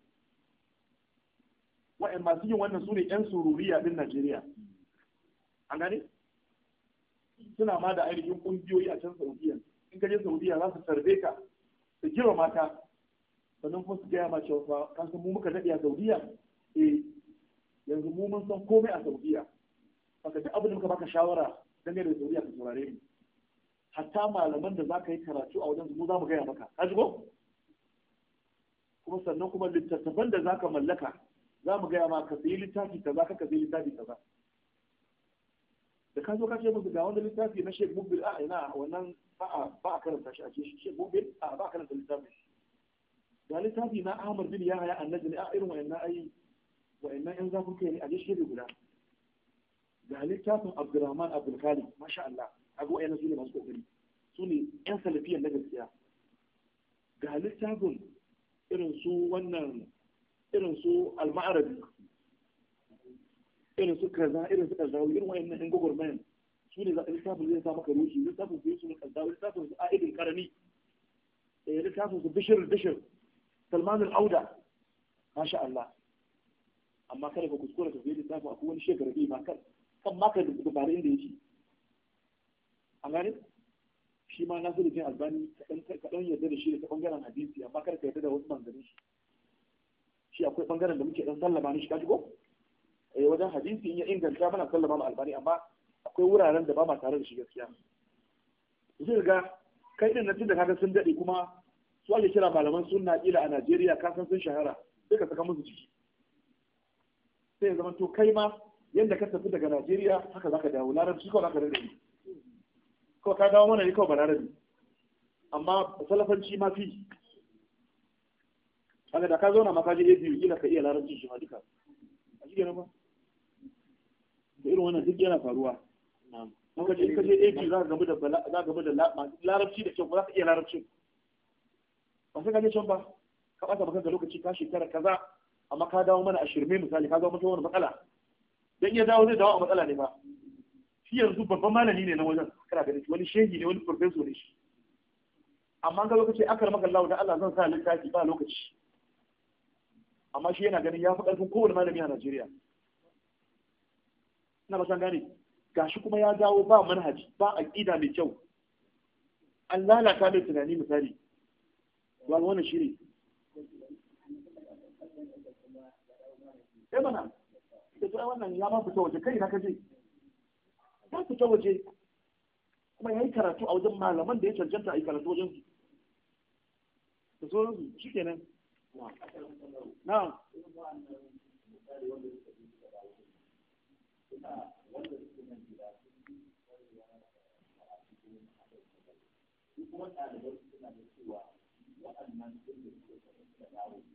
wa'in masu yin wannan su ne 'yan sururiya ɗin najeriya an gane suna ma da ainihin ƙungiyoyi a can saudiya in ka je saudiya za su tarbe ka su jira mata sannan kuma su gaya ma cewa kan san mu muka daɗe a saudiya eh yanzu mu mun san komai a saudiya haka duk abin da muka baka shawara dangane da saudiya ka saurare mu hatta malaman da za ka yi karatu a wajen mu za mu gaya maka ka shigo kuma sannan kuma littattafan da za ka mallaka za mu gaya ma ka sayi littafi kaza ka ka sayi littafi kaza da ka zo ka ce musu ga wani littafi na Sheikh Mubbil a ina wannan ba a ba a karanta shi a ce Sheikh Mubbil a ba a karanta littafi ga littafi na Ahmad bin Yahya annabi ne a irin wayannan ai wayannan yan zafin kai ne a je shi guda ga littafin Abdulrahman Abdulkali. masha Allah kaga wayannan su ne masu kokari su ne yan salafiyan na gaskiya ga littafin irin su wannan irin su alma'arabi irin su kaza irin su kaza irin wayannan yan gwagwarmayan su ne littafin zai sa maka rushi littafin su yi yusuf kaza littafin su aidin karani eh, littafin su bishir bishir salman al'auda masha Allah amma kada ka kuskura ka fiye littafin akwai wani shekara biyu eh, ma kan kan maka dubara inda yake an gane shi ma na nasiru jin albani kaɗan yadda da shi da ta ɓangaren hadisi amma kada ka yadda da wasu ɓangaren shi shi akwai ɓangaren da muke ɗan sallama ni shi ka shigo eh wajen hadisi in ya inganta mana sallama ma albani amma akwai wuraren da ba ma tare da shi gaskiya zai ga kai din nan da kaga sun daɗe kuma su ake kira malaman sunna kila a Najeriya ka san sun shahara sai ka saka musu ciki sai ya zama to kai ma yadda ka tafi daga Najeriya haka za ka dawo larabci ko da rage ko ka dawo mana ne kawai balarabi amma salafanci ma fi kaga da ka zauna ma ka ne biyu kila ka iya larabci shi ma duka a shi ba da irin wannan duk yana faruwa in ka je ka je za ka gaba da za da larabci da kyau ba za ka iya larabci ba sai ka je can ba ka ɓata maka lokaci ka shekara kaza amma ka dawo mana a shirme misali ka zo mata wani matsala dan iya dawo zai dawo a matsala ne ba shi yanzu babban malami ne na wajen kana ganin shi wani shehi ne wani professor ne shi amma ga lokaci akar maka Allah da Allah zan sa littafi ba lokaci amma shi yana ganin ya fi ƙarfin kowane malami a Najeriya ina ba san gane gashi kuma ya dawo ba manhaji ba aqida mai kyau an lalata mai tunani misali ba wannan shiri sai eh mana da wannan ya ma fita waje kai na kaje ya fita waje kuma ya yi karatu a wajen malaman da ya cancanta a yi karatu wajen su da sauransu shi kenan na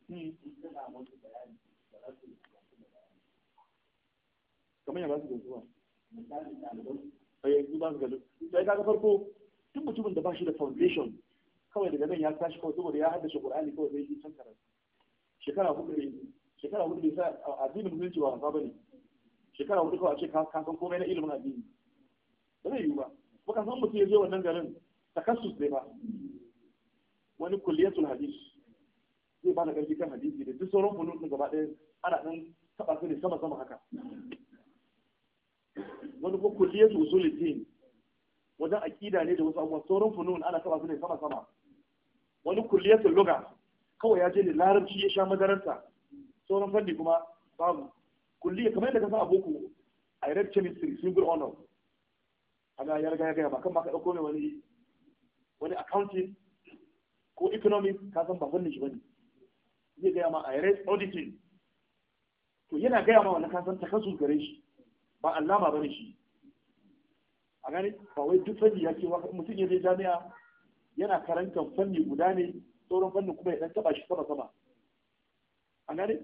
hmm. ba da zuwa a yanzu ba su gado sai kaga farko duk mutumin da ba shi da foundation kawai daga nan ya tashi kawai saboda ya haddace qur'ani kawai sai yi can karatu shekara hudu ne shekara hudu ne sai addinin musulunci ba wasa bane shekara hudu kawai a ce ka san komai na ilimin addini ba zai yiwu ba ko ka san mutum ya je wannan garin takassus ne ba wani kulliyatul hadis zai ba da karfi kan hadisi da duk sauran funun gaba ɗaya ana ɗan taɓa su ne sama sama haka wani kuma su usulul din wajen akida ne da wasu abubuwa sauran funun ana kaba su ne sama sama wani kulliyar luga kawai ya je ne larabci ya sha madararsa sauran fanni kuma babu kulliya kamar yadda ka san aboko a red chemistry single honor ana ya riga ya gaya ba kan ma ka dauko ne wani wani accounting ko economic ka san ba fannin shi bane zai gaya ma a red auditing to yana gaya ma wani kasan takasun takasus gare shi ba allama ba ne shi a gani ba wai duk fanni ya ce mutum ya zai jami'a yana karantar fanni guda ne sauran fannin kuma ya dan taba shi sama sama a gani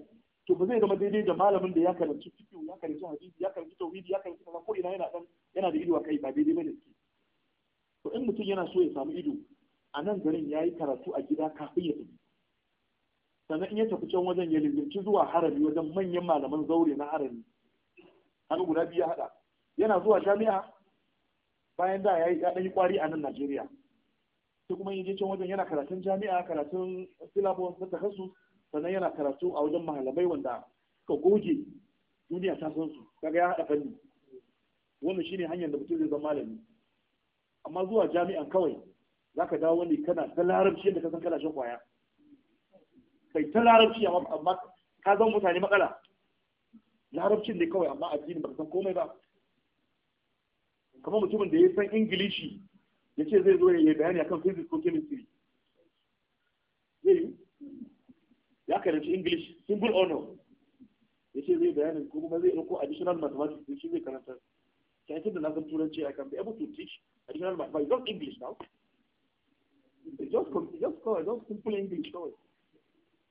to ba zai zama daidai da malamin da ya karanci fito, ya karanci hadisi ya karanci tauhidi ya karanci kaza ko ina yana dan yana da ido a kai ba daidai bane shi to in mutum yana so ya samu ido a nan garin ya yi karatu a gida kafin ya tafi sannan in ya tafi can wajen ya lizirci zuwa harami wajen manyan malaman zaure na harami hannu guda biyu ya haɗa yana zuwa jami'a bayan da ya ya ɗanyi kwari a nan Najeriya sai kuma yaje can wajen yana karatun jami'a karatun syllabus na takasu sannan yana karatu a wajen mahalamai wanda suka goge duniya ta san su kaga ya haɗa fanni wannan shine hanyar da mutum zai zama malami amma zuwa jami'an kawai zaka dawo ne kana ta larabci yadda ka san kana shan kwaya kai ta larabci amma ka zama mutane matsala larabcin ne kawai amma addini ba san komai ba kamar mutumin da ya san ingilishi ya ce zai zo ya bayani akan physics ko chemistry zai yi ya karanci english simple honor ya ce zai bayani ko kuma zai ɗauko additional mathematics shi zai karanta can da na san turanci I can be able to teach additional mathematics not English now just come, just kawai just simple English kawai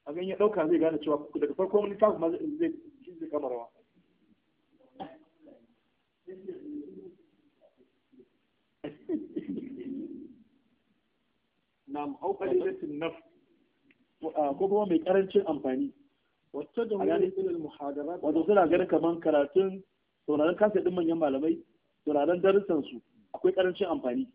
a ganin ya ɗauka zai gane cewa daga farko wani tafi ma zai Na kama rawa nam au ah, ko kuma mai karancin amfani wacce da wani ilal karatun sauraron kasa din manyan malamai sauraron darussan su akwai karancin amfani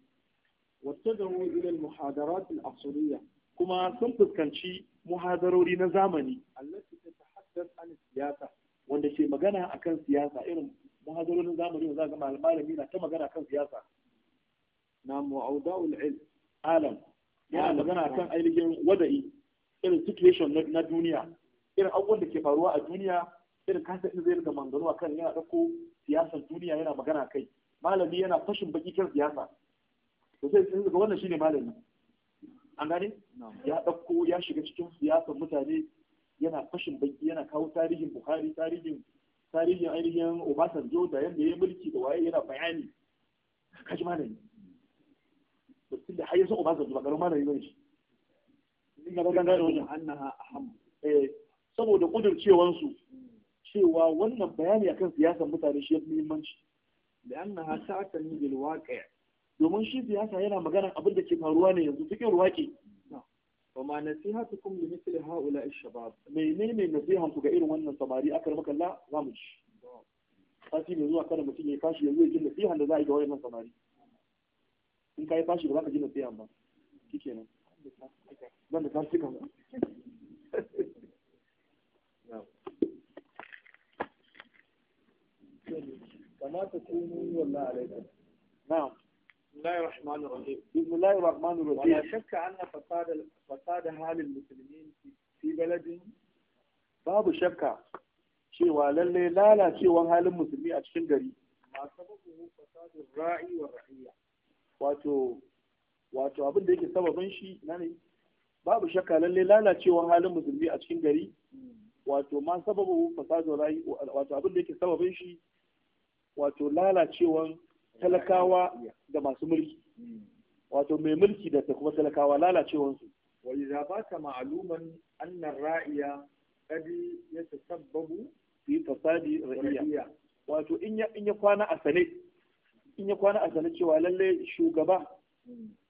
wacce da wani ilal muhadarat al asuriya kuma sun fuskanci muhadarori na zamani allati tatahaddath an siyasa wanda ke magana akan siyasa irin muhazarorin zamani za ga malami na ta magana kan siyasa na mu'awda'ul ilm alam yana magana akan ainihin wada'i irin situation na duniya irin abubuwan da ke faruwa a duniya irin kasa ɗin zai riga a akan yana ɗauko siyasar duniya yana magana kai malami yana fashin baki kan siyasa to sai sun ga wannan shine malami an gane ya ɗauko ya shiga cikin siyasar mutane yana fashin banki, yana kawo tarihin bukhari tarihin tarihin ainihin obasanjo da yadda ya mulki da waye yana bayani ji malami mutum da har yanzu obasanjo ba karamin malami bane shi ina ga gangare wajen annaha aham eh saboda kudurcewan su cewa wannan bayani akan siyasar mutane shi ya fi muhimmanci da hasa ta bil waqi' domin shi siyasa yana magana abin da ke faruwa ne yanzu cikin ruwaƙi wa ma nasihatukum li mithli haula ash-shabab menene nasihan ga irin wannan samari zuwa fashi yanzu ji za a samari in ka yi fashi ba ka الرحمن الرحيم بسم الله الرحمن الرحيم ولا شك أن babu shakka cewa lallai lalacewan halin musulmi a cikin gari wato wato abin da yake sababin shi na ne babu shakka lallai lalacewan halin musulmi a cikin gari wato ma sababu fasadun ra'i wato abin da yake sababin shi wato lalacewan talakawa da masu mulki wato mai mulki da ta kuma talakawa lalacewansu za ba ta ma'aluman annan ra'iya ta sababu fi fasadi ra'iya wato in ya kwana a sane in ya kwana a sane cewa lalle shugaba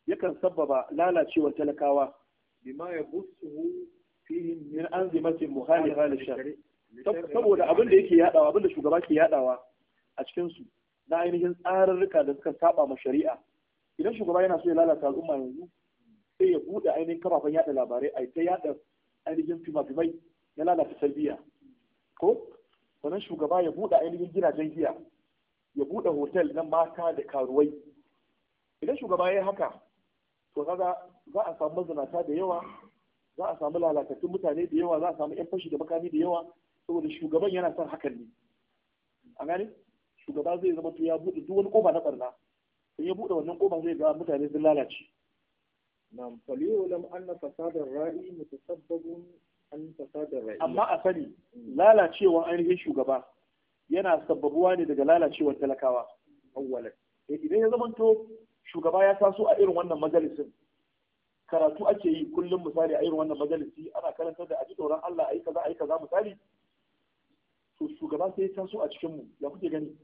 yakan sabbaba lalacewar talakawa bima yabussuhu fihim min anzimatin muhalifa lishar saboda abin da yake yadawa abin da shugaba ke yadawa a cikinsu na ainihin tsararruka da suka saba ma shari'a idan shugaba yana so ya lalata al'umma yanzu sai ya buɗe ainihin kafafen yada labarai a ta yada ainihin fimafimai ya lalata salbiya. ko sannan shugaba ya buɗe ainihin gidajen giya ya buɗe hotel na mata da karuwai idan shugaba ya yi haka to kaga za a samu mazinata da yawa za a samu lalatattun mutane da yawa za a samu 'yan fashi da makami da yawa saboda shugaban yana son hakan ne a gane shugaba zai zama to ya buɗe duk wani koma na ɓarna in ya buɗe wannan ƙofa zai ga mutane sun lalace nam an anna fasadar ra'i mutasabbabun an fasadar ra'i amma a sani lalacewan ainihin shugaba yana sababuwa ne daga lalacewar talakawa awwalan eh, idan ya zamanto shugaba ya taso a irin wannan majalisin karatu ake yi kullum misali a irin wannan majalisi ana karantar da aji tsoron Allah ayi kaza ayi kaza misali to shugaba sai ya taso a cikin mu ya kuke gani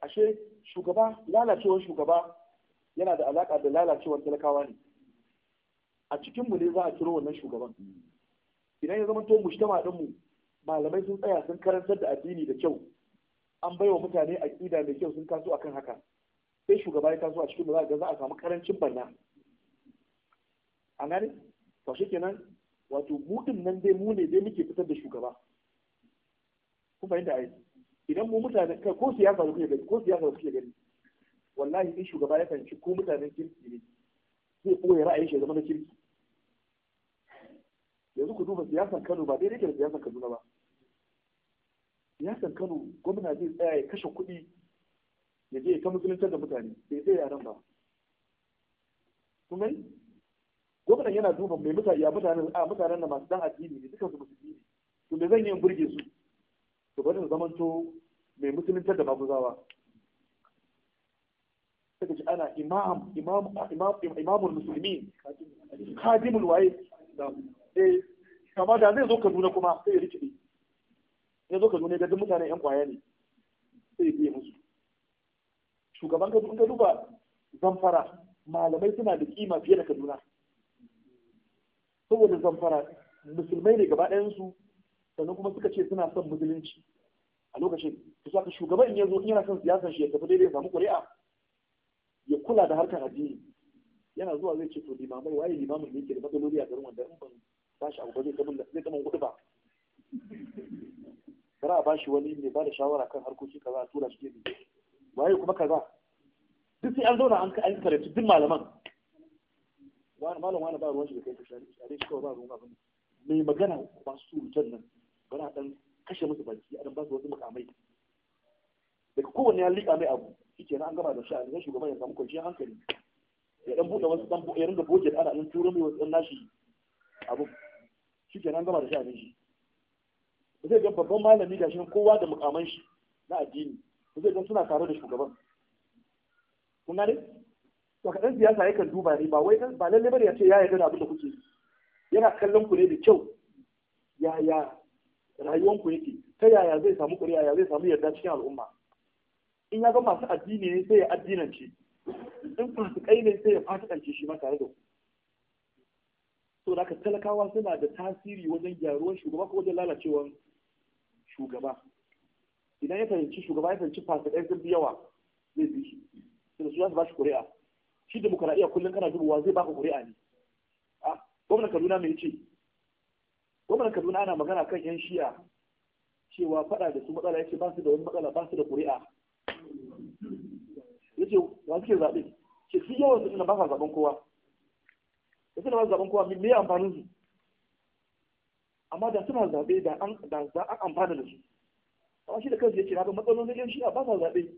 ashe shugaba lalacewar shugaba yana da alaka da lalacewar talakawa ne a cikin mu ne za a ciro wannan shugaban idan ya zama to mujtama din mu malamai sun tsaya sun karantar da addini da kyau an baiwa mutane aqida da kyau sun kaso akan haka sai shugaba ya taso a cikin mu za ga za a samu karancin banna an gane to kenan wato mu nan dai mu ne dai muke fitar da shugaba kuma yadda ai idan mu mutanen kai ko siyasa da kuke gani ko siyasa da kuke gani wallahi in shugaba ya fahimci ko mutanen kirki ne zai ɓoye ra'ayin shi zama na kirki yanzu ku duba siyasan Kano ba daidai ke da siyasan Kaduna ba siyasan Kano gwamna zai tsaya ya kashe kuɗi ya je ta musuluntar da mutane bai zai yaran ba kuma gwamnan yana duba mai mutane a mutanen da masu dan addini ne dukansu musulmi ne to me zan yi in burge su to bari zamanto mai musuluntar da maguzawa suka ji ana imam imam imamul musulmi kadimul waye eh kamar da zai zo Kaduna kuma sai ya rikide ya zo Kaduna ga mutane yan kwaya ne sai ya biye musu shugaban Kaduna ka duba zamfara malamai suna da kima fiye da Kaduna saboda zamfara musulmai ne gaba ɗayan su sannan kuma suka ce suna son musulunci a lokacin ka shugaban in yanzu in yana son siyasar shi ya tafi daidai ya samu ƙuri'a ya kula da harkar addini yana zuwa zai ce to limamai waye limamin da yake da matsaloli a garin wanda in ban bashi abu ba zai kamun zai kamun kuɗi ba Kara a bashi wani mai ba da shawara kan harkoki kaza a tura shi gefe waye kuma kaza duk sai an zauna an an su duk malaman wani malam wani ba ruwan shi da kai ka share shi kawai ba ruwan abin mai magana masu surutan nan bana dan kashe musu baki a ba su wasu mukamai daga kowane ya liƙa mai abu shi kenan an gama da sha'ani sai shugaban ya samu kwanciyar hankali ya dan buɗe wasu dan ya ringa goge ana nan turo mai wasu dan nashi abu shi an gama da sha'ani. shi zai ga babban malami shi kowa da mukaman shi na addini zai ga suna tare da shugaban kun gane to kaɗan siyasa yakan duba ne ba wai ba lalle bane ya ce ya yarda da abin da kuke yana kallon ku ne da kyau yaya rayuwanku yake ta yaya zai samu ƙuri'a ya zai samu yarda cikin al'umma in ya ga masu addini ne sai ya addinance in fasikai ne sai ya fasikance shi ma tare da to da talakawa suna da tasiri wajen gyaruwar shugaba ko wajen lalacewar shugaba idan ya fahimci shugaba ya fahimci fasikai sun fi yawa zai bi shi sai su za su ba shi ƙuri'a shi demokaraɗiyya kullum kana dubawa zai baka ƙuri'a ne a gwamnan kaduna mai ce gwamnan kaduna ana magana kan yan shiya cewa faɗa da su matsala yake ba su da wani matsala ba su da ƙuri'a yace wa suke zaɓe ce su yawan su ina ba sa zaɓen kowa da suna ba zaɓen kowa me amfanin su amma da suna zaɓe da an da amfana da su amma shi da kansu yace na ga matsalolin yan shiya ba sa zaɓe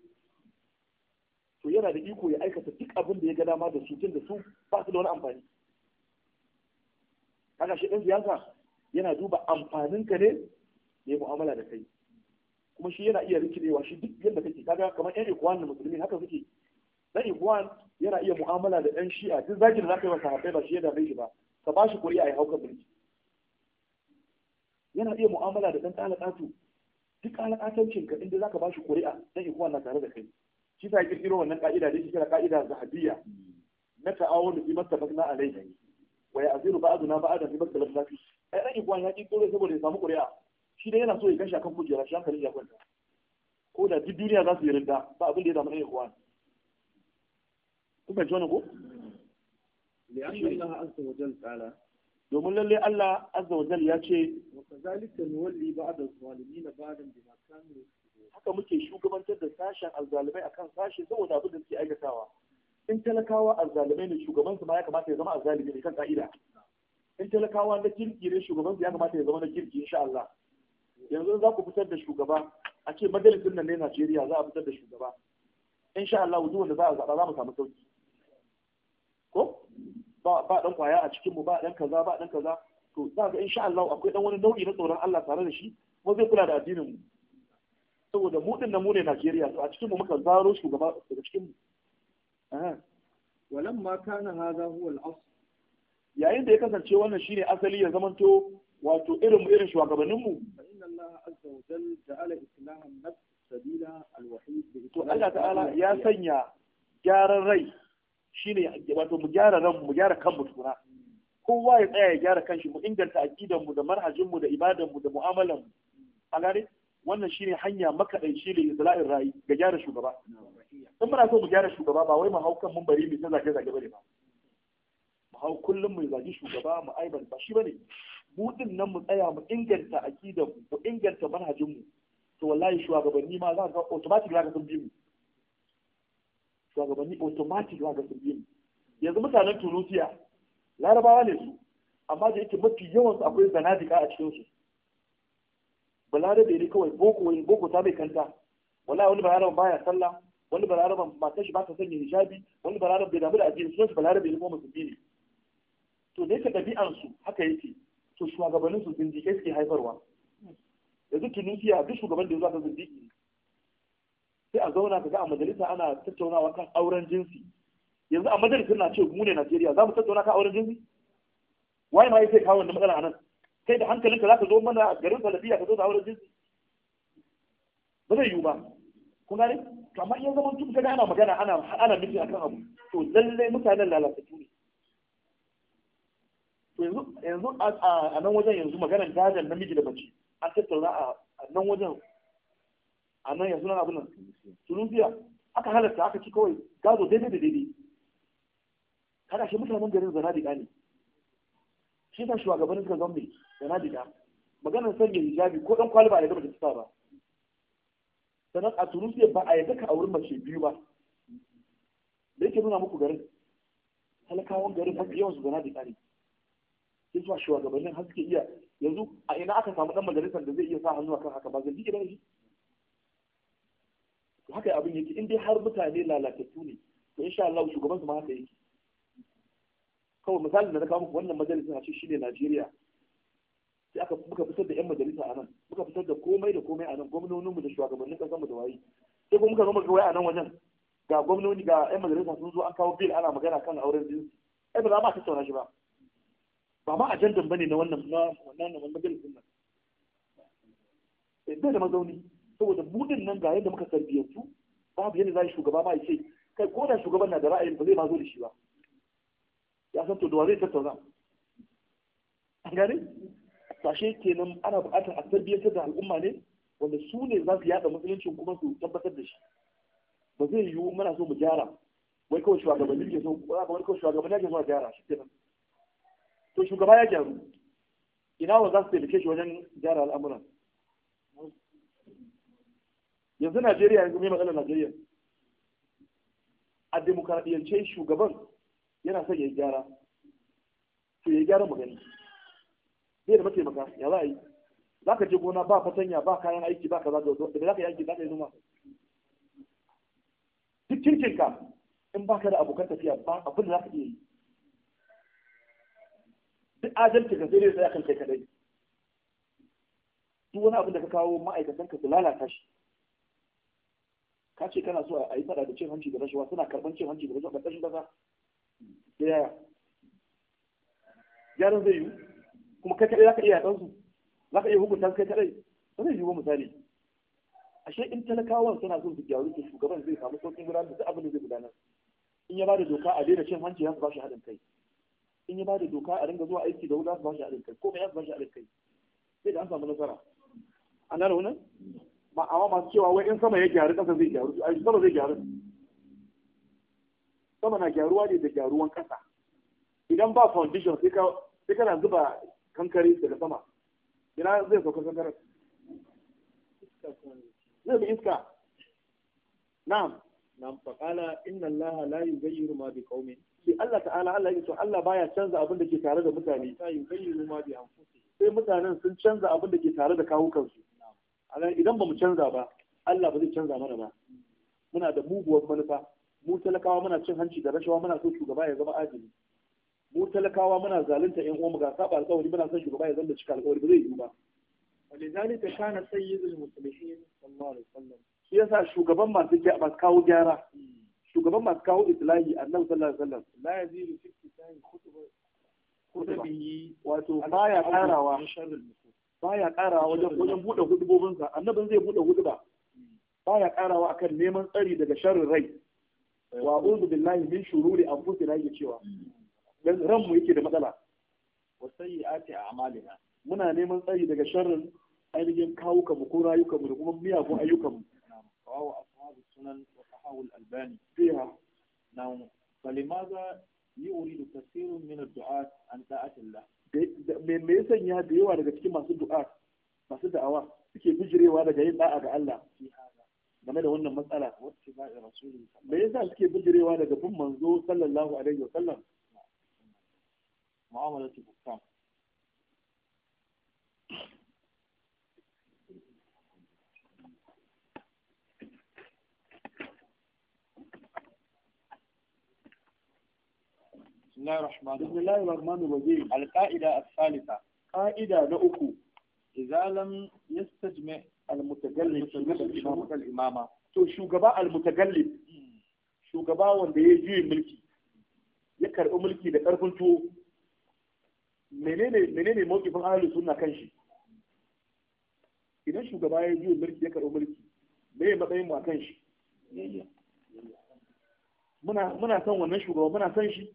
to yana da iko ya aikata duk abin da ya ga dama da su tun da su ba su da wani amfani kaga shi ɗan siyasa yana duba amfaninka ne ya mu'amala da kai kuma shi yana iya rikidewa shi duk yadda kake kaga kamar yan ikwan da musulmi haka suke dan ikwan yana iya mu'amala da yan shi'a duk zaki da zaka yi masa sahabbai ba shi yadda dame shi ba ka ba shi kuri'a ya hauka mulki yana iya mu'amala da dan talakatu duk alaƙatancin ka inda zaka ba shi kuri'a dan ikwan na tare da kai shi sa kirkiro wannan ka'ida da yake kira ka'ida zahabiyya hmm. na ta'awun bi mastafaqna alayhi wa ya'ziru ba'duna ba bi mastafaqna fi ai rage ikwan ya kikiro saboda ya samu ƙuri'a shi dai yana so ya gashi akan kujera shi hankali ya kwanta ko da duk duniya za su yi rinda ba abin da ya damu ɗan ikwan kun fahimci wannan ko domin lalle Allah azza wa jalla ya ce haka muke shugabantar da sashen alzalimai akan sashe saboda abin da suke aikatawa in talakawa alzalimai ne shugabansu ma ya kamata ya zama alzalimi ne kan ka'ida in talakawa na kirki ne shugaban ya kamata ya zama na kirki insha Allah yanzu za ku fitar da shugaba a ce majalisun nan ne Najeriya za a fitar da shugaba insha Allah duk wanda za a zaɓa za mu samu sauki ko ba ba dan kwaya a cikin mu ba dan kaza ba dan kaza to za ga insha Allah akwai dan wani nau'i na tsoron Allah tare da shi kuma zai kula da addinin mu saboda mu din mu ne Najeriya to a cikin mu muka zaro shugaba daga cikin mu walamma kana hadha huwa al-asl yayin da ya kasance wannan shine asali ya zamanto wato irin mu irin shugabannin mu to Allah ta'ala ya sanya gyaran rai shine wato mu gyara ran mu gyara kanmu tukuna kowa ya tsaya ya gyara kanshi mu inganta aqidan mu da manhajin mu da ibadan mu da mu'amalan mu a gare wannan shine hanya makadaici ne isla'in rayi ga gyara shugaba in muna so mu gyara shugaba ba wai mu hau kan mun bari mu ta zage zage bane ba hau kullum mai zagi shugaba mu aibar ba shi bane mu din nan mu tsaya mu inganta akidar mu mu inganta manhajin mu to wallahi shugabanni ma za ka automatic za ka sun bi mu shugabanni automatic za ka sun bi mu yanzu mutanen Tunisia larabawa ne su amma da yake mafi yawan su akwai zanadika a cikin su balarabe ne kawai boko boko ta bai kanta wallahi wani balarabe baya sallah wani balarabe matar shi ba ta sanya hijabi wani balarabe bai damu da addini sunan shi balarabe ne kuma musulmi ne to da yake ɗabi'ansu haka yake to shugabannin su zindiƙe suke haifarwa yanzu tunisiya duk shugaban da ya zuwa ta sai a zauna ka ga a majalisa ana tattaunawa kan auren jinsi yanzu a majalisar na ce mu ne najeriya za mu tattauna kan auren jinsi waye ma yake kawo wannan matsala a nan kai da hankalinka za ka zo mana a garin salafiya ka zo da auren jinsi ba zai yiwu ba kun gane to amma in zaman tun kaga ana magana ana ana miki akan abu to lallai mutanen lalata ne yanzu a nan wajen yanzu maganar gadon namiji da mace an tattauna a nan wajen a nan yanzu nan abin nan tunubiya aka halatta aka ci kawai gado daidai da daidai kada shi mutanen garin zanadiga ne shi ta shugabannin suka zama mai zanadiga maganar sanya hijabi ko dan kwaliba ya gaba mace sa ba sannan a tunusiya ba a yadda ka a wurin mace biyu ba da yake nuna muku garin talakawan garin mafi yawan su zanadiga ne sai zuwa shugabannin har suke iya yanzu a ina aka samu dan majalisar da zai iya sa hannu kan haka ba zai jira ba shi haka abin yake in dai har mutane lalatattu ne to insha Allah shugaban su ma haka yake kawai misali da na kawo muku wannan majalisar a ce shine Najeriya sai aka muka fitar da yan majalisa a nan muka fitar da komai da komai a nan gwamnoninmu da shugabannin kasar mu da wayi sai kuma muka zo muka wai a nan wajen ga gwamnoni ga yan majalisa sun zo an kawo bil ana magana kan auren jinsi ai ba za ma tattauna shi ba ba ma ajandan bane na wannan na wannan wannan majalisin nan eh, bai da mazauni saboda budin nan ga yadda muka tarbiyyantu babu yadda zai shugaba ma yace kai ko da shugaban na da ra'ayin ba zai ma zo da shi ba ya san to da zai tattauna an gane kenan ana buƙatar a tarbiyyantar da al'umma ne wanda su ne za su yada musuluncin kuma su tabbatar da shi ba zai yiwu muna so mu gyara wai kawai shugabanni ke so wai kawai shugabanni ke so a gyara shi kenan to shugaba ya gyaru ina wa za su taimake shi wajen gyara al'amuran yanzu najeriya yanzu mai matsalar najeriya a demokaradiyyance shugaban yana son ya yi gyara to ya yi gyara magani zai da mataimaka ya za a yi za ka je gona ba fatanya ba kayan aiki ba kaza da da za ka yi aiki za ka yi noma duk kirkinka in ba ka da abokan tafiya ba abin da za ka iya yi duk adalci ka sai dai tsaya kan kai kadai duk wani abin da ka kawo ma'aikatan ka su lalata shi ka ce kana so a yi fada da cin hanci da rashawa suna karban cin hanci da rashawa ƙarƙashin ƙasa da yaya gyaran zai yi kuma kai kadai za ka iya yaɗan su za ka iya hukunta kai kadai ba zai yi ba misali ashe in talakawan suna son su gyaru to shugaban zai samu sauƙin gudanar da abin da zai gudanar in ya ba da doka a daina cin hanci ya su ba shi haɗin kai in yi ba da doka a ringa zuwa aiki da wuri za su ba shi kai ko mai za su ba shi kai sai da an samu nasara A nan wannan ba masu cewa wai in sama ya gyaru ƙasa zai gyaru a sama zai gyaru sama na gyaruwa ne da gyaruwan ƙasa idan ba foundation sai ka sai kana zuba kankare daga sama ina zai sauka kankare zai bi iska na'am nan faƙala inna Allah la yughayyiru ma bi qaumin sai Allah ta'ala Allah yake to Allah baya canza abin da ke tare da mutane ta yughayyiru ma bi anfusihim sai mutanen sun canza abin da ke tare da kawukansu idan ba mu canza ba Allah ba zai canza mana ba muna da muguwar manufa mu talakawa muna cin hanci da rashawa muna so shugaba ya zama adili mu talakawa muna zalunta ƴan uwanmu ga saba alƙawari muna son shugaba ya zama cika alƙawari ba zai yi ba ولذلك كان سيد المسلمين صلى الله عليه وسلم shi yasa shugaban masu kawo gyara shugaban masu kawo islahi annabi sallallahu alaihi wasallam la yazidu fi islahi khutba wato baya karawa baya karawa wajen wajen bude hudubobin sa annabin zai bude huduba hmm. baya karawa akan neman tsari daga sharrin rai eh. wa a'udhu billahi min shururi anfusina yake cewa hmm. dan ran mu yake da matsala wa sayyi'ati a'malina muna neman tsari daga sharrin ainihin kawuka mu ko rayuka mu da kuma miyagun ayyukan mu رواه أصحاب السنن وصححه الألباني فيها نعم فلماذا يريد كثير من الدعاة أن daga cikin masu du'a masu da'awa suke bijirewa daga yin da'a ga Allah game da wannan suke bijirewa daga bin manzo sallallahu alaihi wa بسم الله الرحمن بسم الله الرحمن الرحيم القاعدة الثالثة قاعدة لأكو إذا لم يستجمع المتجلد شروط الإمامة to shugaba al-mutagallib shugaba ya juye mulki ya karbi da tuwo menene menene mawkifin ahlus sunna kan shi idan shugaba ya juye mulki ya karbi mulki me ya matsayin mu kan shi muna son wannan shugaba muna son shi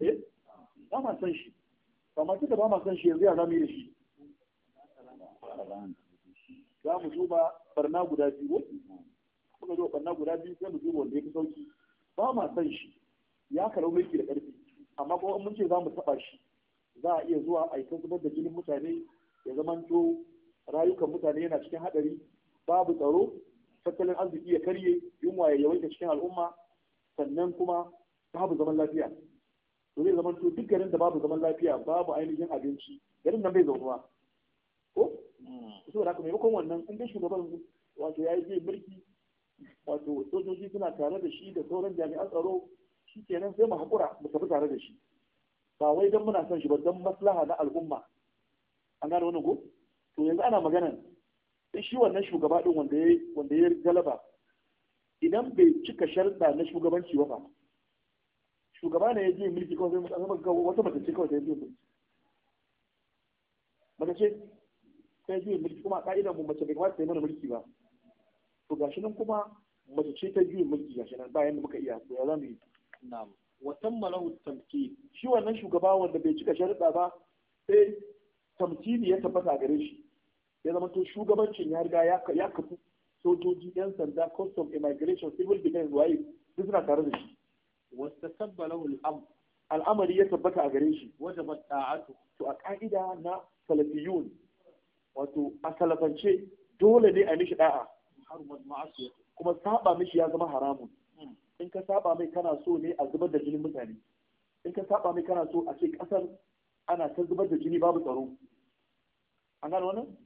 eh ba ma son shi ba ma da ba ma son shi yanzu ya zama yi shi za mu duba barna guda biyu kuma zo barna guda biyu sai mu duba wanda ya fi sauki ba ma son shi ya karau mai da karfi amma ko mun ce za mu taba shi za a iya zuwa a ta zubar da jinin mutane ya zamanto rayukan mutane yana cikin hadari babu tsaro tattalin arziki ya karye yunwa ya yawaita cikin al'umma sannan kuma babu zaman lafiya to zai zama to duk garin da babu zaman lafiya babu ainihin abinci garin nan bai kuma. ko hmm. saboda haka maimakon wannan in dai shugaban wato ya zai mulki wato sojoji suna tare da shi da sauran jami'an tsaro shi kenan sai mu hakura mu tafi tare da shi ba wai don muna son shi ba don maslaha na al'umma an gane wani ko to yanzu ana maganan sai shi wannan shugaba din wanda ya wanda ya galaba idan bai cika sharɗa na shugabanci ba shugaba ne ya je mulki kawai sai mutane ga wata mace ce kawai sai ya je mulki mace ce sai juyin mulki kuma ka'ida mu mace bai kamata ta yi mana mulki ba to gashi nan kuma mace ce ta juyin mulki gashi nan ba yanda muka iya to ya za mu yi na'am wa shi wannan shugaba wanda bai cika sharuɗa ba sai ne ya tabbata gare shi ya zama to shugabancin ya riga ya kafu sojoji yan sanda custom immigration civil defense waye duk suna tare da shi wasta sabbalahu al'am al'amari ya tabbata a gare shi wata bata'atu to a ka'ida na salafiyun wato a salafance dole ne a mishi da'a kuma saba mishi ya zama haramun hmm. in ka saba mai kana so ne a zubar da jinin mutane in ka saba mai kana so a ce kasar ana ta zubar da jini babu tsaro an gano wannan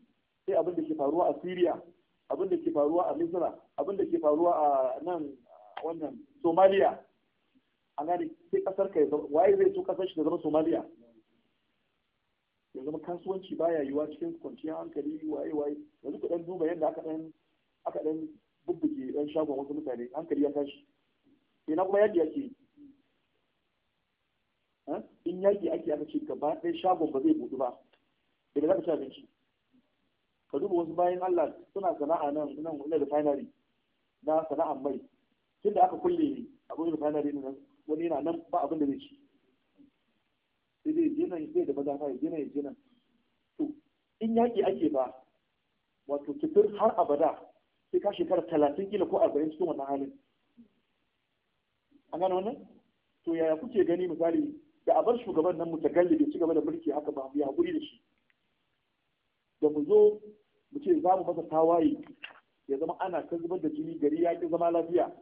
sai abin da ke faruwa a Syria abin da ke faruwa a Misra abin da ke faruwa a nan wannan Somalia an gane sai kasar ka waye zai so kasar shi ta zama Somalia ya zama kasuwanci baya yiwa cikin kwanciyar hankali waye waye yanzu ku dan duba yadda aka dan aka dan bubbuge dan shagon wasu mutane hankali ya tashi ina kuma yadda yake in yaki ake aka ce gaba ɗaya shagon ba zai budu ba daga za ka ci abinci ka duba wasu bayan Allah suna sana'a nan nan wani refinery na sana'a mai tun da aka kulle ne a wani refinery nan wani yana nan ba abin da zai ci sai dai je nan sai da maza ta je nan je nan to in yaƙi ake ba wato kifir har abada sai ka shekara talatin kila ko arba'in cikin wannan halin an gano wannan to yaya kuke gani misali da abar shugaban nan mutagalli bai ci gaba da mulki haka ba mu ya haƙuri da shi da mu zo mu ce za mu masa tawaye ya zama ana ta zubar da jini gari ya ƙi zama lafiya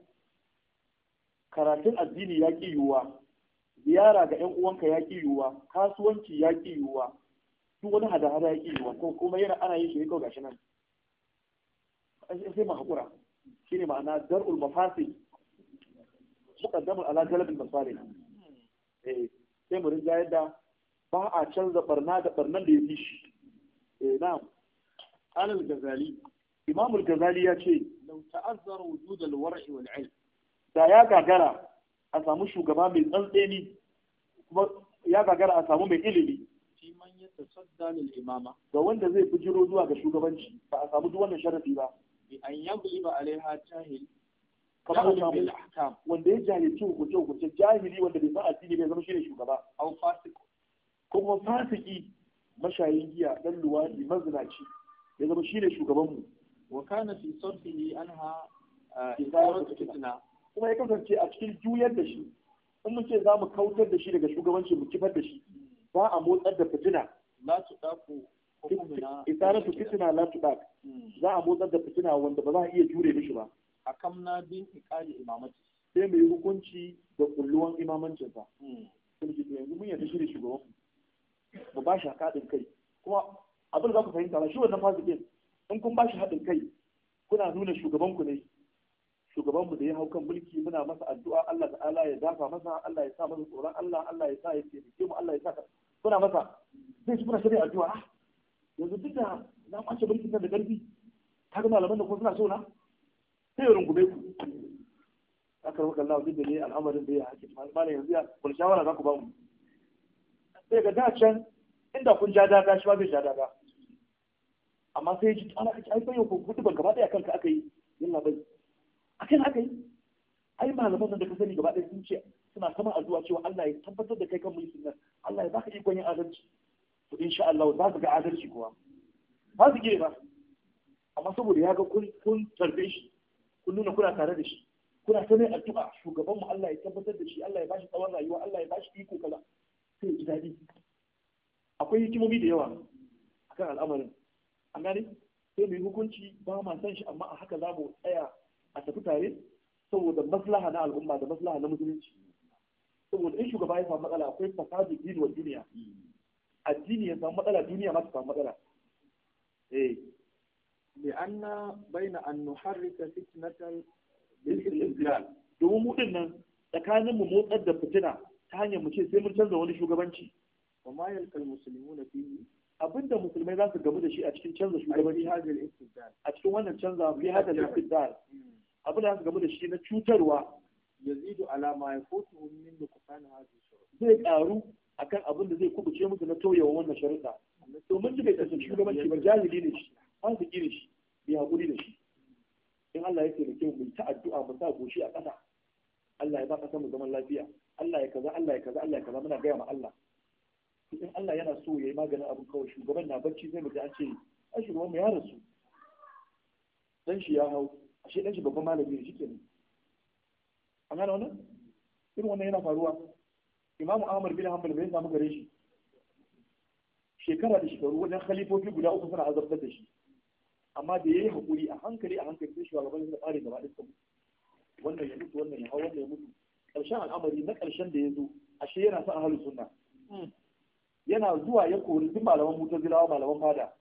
karatun addini ya ƙi yiwuwa ziyara ga 'yan uwanka ya ƙi yiwuwa kasuwanci ya ƙi yiwuwa duk wani hada-hada ya ƙi yiwuwa ko kuma yana ana yin shi kawai gashi nan sai mu haƙura shine ma'ana dar'ul mafasi muqaddamul ala jalbil masalih eh sai mu rinja yadda ba a canza barna da barnan da ya fi shi eh na'am alal gazali imam gazali ya ce lau ta'azzara wujud al-war'i da ya gagara a samu shugaba mai tsantseni kuma ya a samu mai ilimi shi man ya tasadda imama ga wanda zai bijiro zuwa ga shugabanci ba a samu duk wannan sharafi ba bi an yabli ba alaiha jahil kamar samu wanda ya jahilci hukunce hukunce jahili wanda bai san addini bai zama shine shugaba au fasik kuma fasiki mashayin giya dan luwadi mazinaci ya zama shine shugabanmu wa kana fi sarfihi anha izaratu fitna kuma ya kasance a cikin juyar da shi in mun ce za mu kautar da shi daga shugabanci mu kifar da shi ba a motsar da fitina la tudaku izaratu fitna la tudak hmm. za a motsar da fitina wanda ba za a iya jure mishi ba na bin iqali imamati sai mai hukunci da kulluwan imamancinsa hmm. yanzu mun yarda shi shugaban. shugabanmu mu ba shi haɗin kai kuma abin za ku fahimta shi wannan fasikin in kun ba shi haɗin kai kuna nuna shugaban ku ne shugaban mu da ya hau kan mulki muna masa addu'a Allah ta'ala ya dafa masa Allah ya sa masa tsoron Allah Allah ya sa ya taimake mu Allah ya sa kuna masa zai ji kuna shirya addu'a ah, yanzu duk da na kwace mulkin nan da ƙarfi ta ga malaman da ko suna so na sai ya rungume ku aka rubuta Allah duk da ne al'amarin da ya haƙi malamin yanzu ya kun shawara za ku ba mu sai ga dacen inda kun ja daga shi ba zai ja daga amma sai ji ana kace ai bayan gudu ban gaba daya kanka aka yi yalla bai akan aka yi ai malaman da ka sani gaba daya sun ce suna sama addu'a cewa Allah ya tabbatar da kai kan mulkin nan Allah ya baka ikon yin adalci to insha Allah za ka ga adalci kuwa ba su gire ba amma saboda ya ga kun kun tarbe shi kun nuna kuna tare da shi kuna ta mai addu'a shugabanmu Allah ya tabbatar da shi Allah ya bashi tsawon rayuwa Allah ya bashi iko kaza sai ji daɗi akwai hikimomi da yawa akan al'amarin an gane sai mai yi hukunci ba ma san shi amma a haka za mu tsaya a tafi tare saboda maslaha na al'umma da maslaha na musulunci saboda in shugaba ya samu matsala akwai fasadi dini wa duniya addini ya samu matsala duniya ma ta samu matsala eh لأن an nuharrika نحرك bil بالإبلال domin mu nan tsakanin mu motsar da fitina ta hanyar mu ce sai mun canza wani shugabanci wa ma yalkal muslimuna fihi abinda musulmai za su gamu da shi a cikin canza shugabanci a cikin wannan canza bi hadal istibdal hmm. abin da za su gamu da shi na cutarwa yazidu ala ma yafutu min nuksan hadhihi zai karu akan abin da zai kubuce musu na toyewa wannan sharuɗa domin shi bai kasance shugabanci ba jahili ne shi an su gire shi bai haƙuri da shi in Allah ya taimake mu ta addu'a mu sa goshi a ƙasa Allah ya ba ƙasar mu zaman lafiya Allah ya kaza Allah ya kaza Allah ya kaza muna gaya ma Allah in Allah yana so ya yi maganin abin kawai shugaban na bacci zai mutu an ce an shugaban mu ya rasu dan shi ya hau ashe dan shi babban malami ne ne. an gane wannan irin wannan yana faruwa imamu Ahmad bin Hanbal bai samu gare shi shekara da shekaru wajen khalifofi guda uku suna azabtar da shi amma da yayi hakuri a hankali a hankali sai shugaban ya fara gaba ɗaya wannan ya mutu wannan ya hau wannan ya mutu ƙarshen al'amari na ƙarshen da ya zo ashe yana son ahalin sunna hmm. yana zuwa ya kori duk malaman mutazilawa malaman fada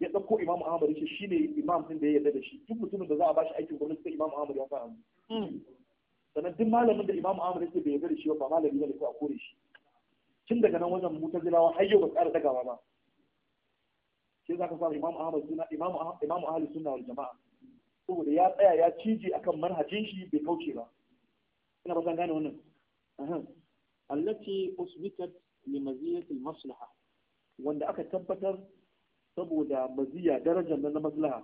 ya ɗauko imam ahmad ya shi ne imam din da ya yarda da shi duk mutumin da za a ba shi aikin gwamnati sai imam ahmad ya fara hmm. sannan duk malamin da imam ahmad ya ce bai yarda da shi ba malami ne ko a kore shi tun daga nan wajen mutazilawa har yau ba ƙara dagawa ba sai za ka samu imam ahmad suna imam ahmad imam ahli sunna wal jama'a saboda ya tsaya ya cije akan manhajin shi bai kauce ba ina ba san gane wannan allati usbitat li maziyati maslaha wanda aka tabbatar saboda maziya darajar na maslaha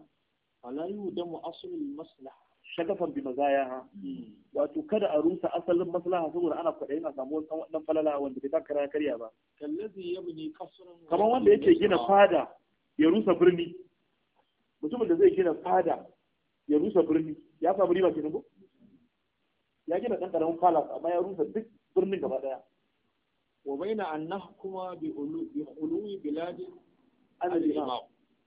ala yudamu aslul maslaha shagafan bi mazayaha hmm. wato kada a rusa asalin maslaha saboda ana kwaɗayin a samu wani ɗan falala wanda bai takara karya ba kamar wanda yake gina fada ya rusa birni mutumin da zai gina fada ya rusa birni ya samu riba kenan ko ya gina ɗan ƙaramin falas amma ya rusa duk birnin gaba ɗaya wa baina kuma bi ulumi biladi al-imam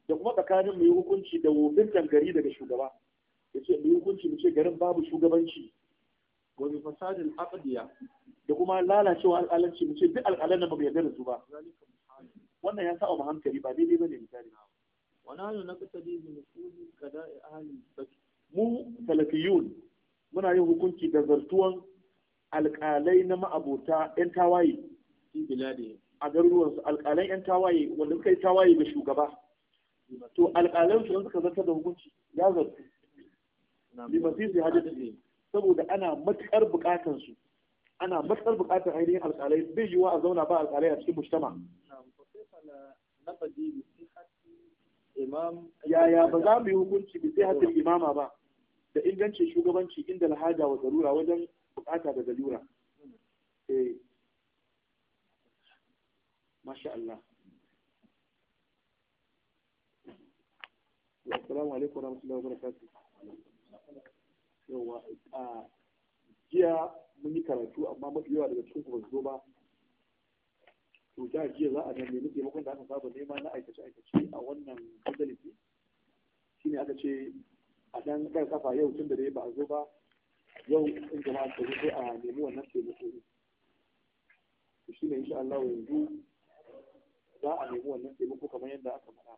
da kuma tsakanin mai hukunci da wofintan gari daga shugaba Ya ce mai hukunci mu ce garin babu shugabanci wa bi fasadil aqdiya da kuma lalacewa alƙalanci mu ce duk alƙalan da ba yarda da su ba wannan ya saba mu hankali ba daidai bane misali wa nanu naqtadi bi nufuzi qada'i ahli mu salafiyun muna yin hukunci da zartuwan alƙalai na ma'abota 'yan tawaye a garuruwansu alƙalan 'yan tawaye wanda suka yi tawaye ga shugaba to alƙalan su suka zartar da hukunci ya zartu limasisi hajjata saboda ana matuƙar buƙatar su ana matuƙar buƙatar ainihin alƙalai bai yiwuwa a zauna ba alƙalai a cikin mujtama yaya ba za mu yi hukunci bi sai hatin imama ba da ingancin shugabanci inda alhaja wa zarura wajen bukata da zarura eh. masha Allah assalamu alaikum wa rahmatullahi wa barakatuh yawa a jiya mun yi karatu amma mafi yawa daga cikin kuma zo ba to da jiya za a nan nemi taimakon da aka saba nema na aikace aikace a wannan majalisi shine aka ce a ɗan kan kafa yau tun da dai ba a zo ba yau in jama'a ta zuwa a nemi wannan taimako ne shi ne insha Allah yanzu za a nemi wannan taimako kamar yadda aka faɗa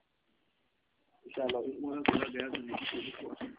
insha Allah in kuma za ga ya zama shi ne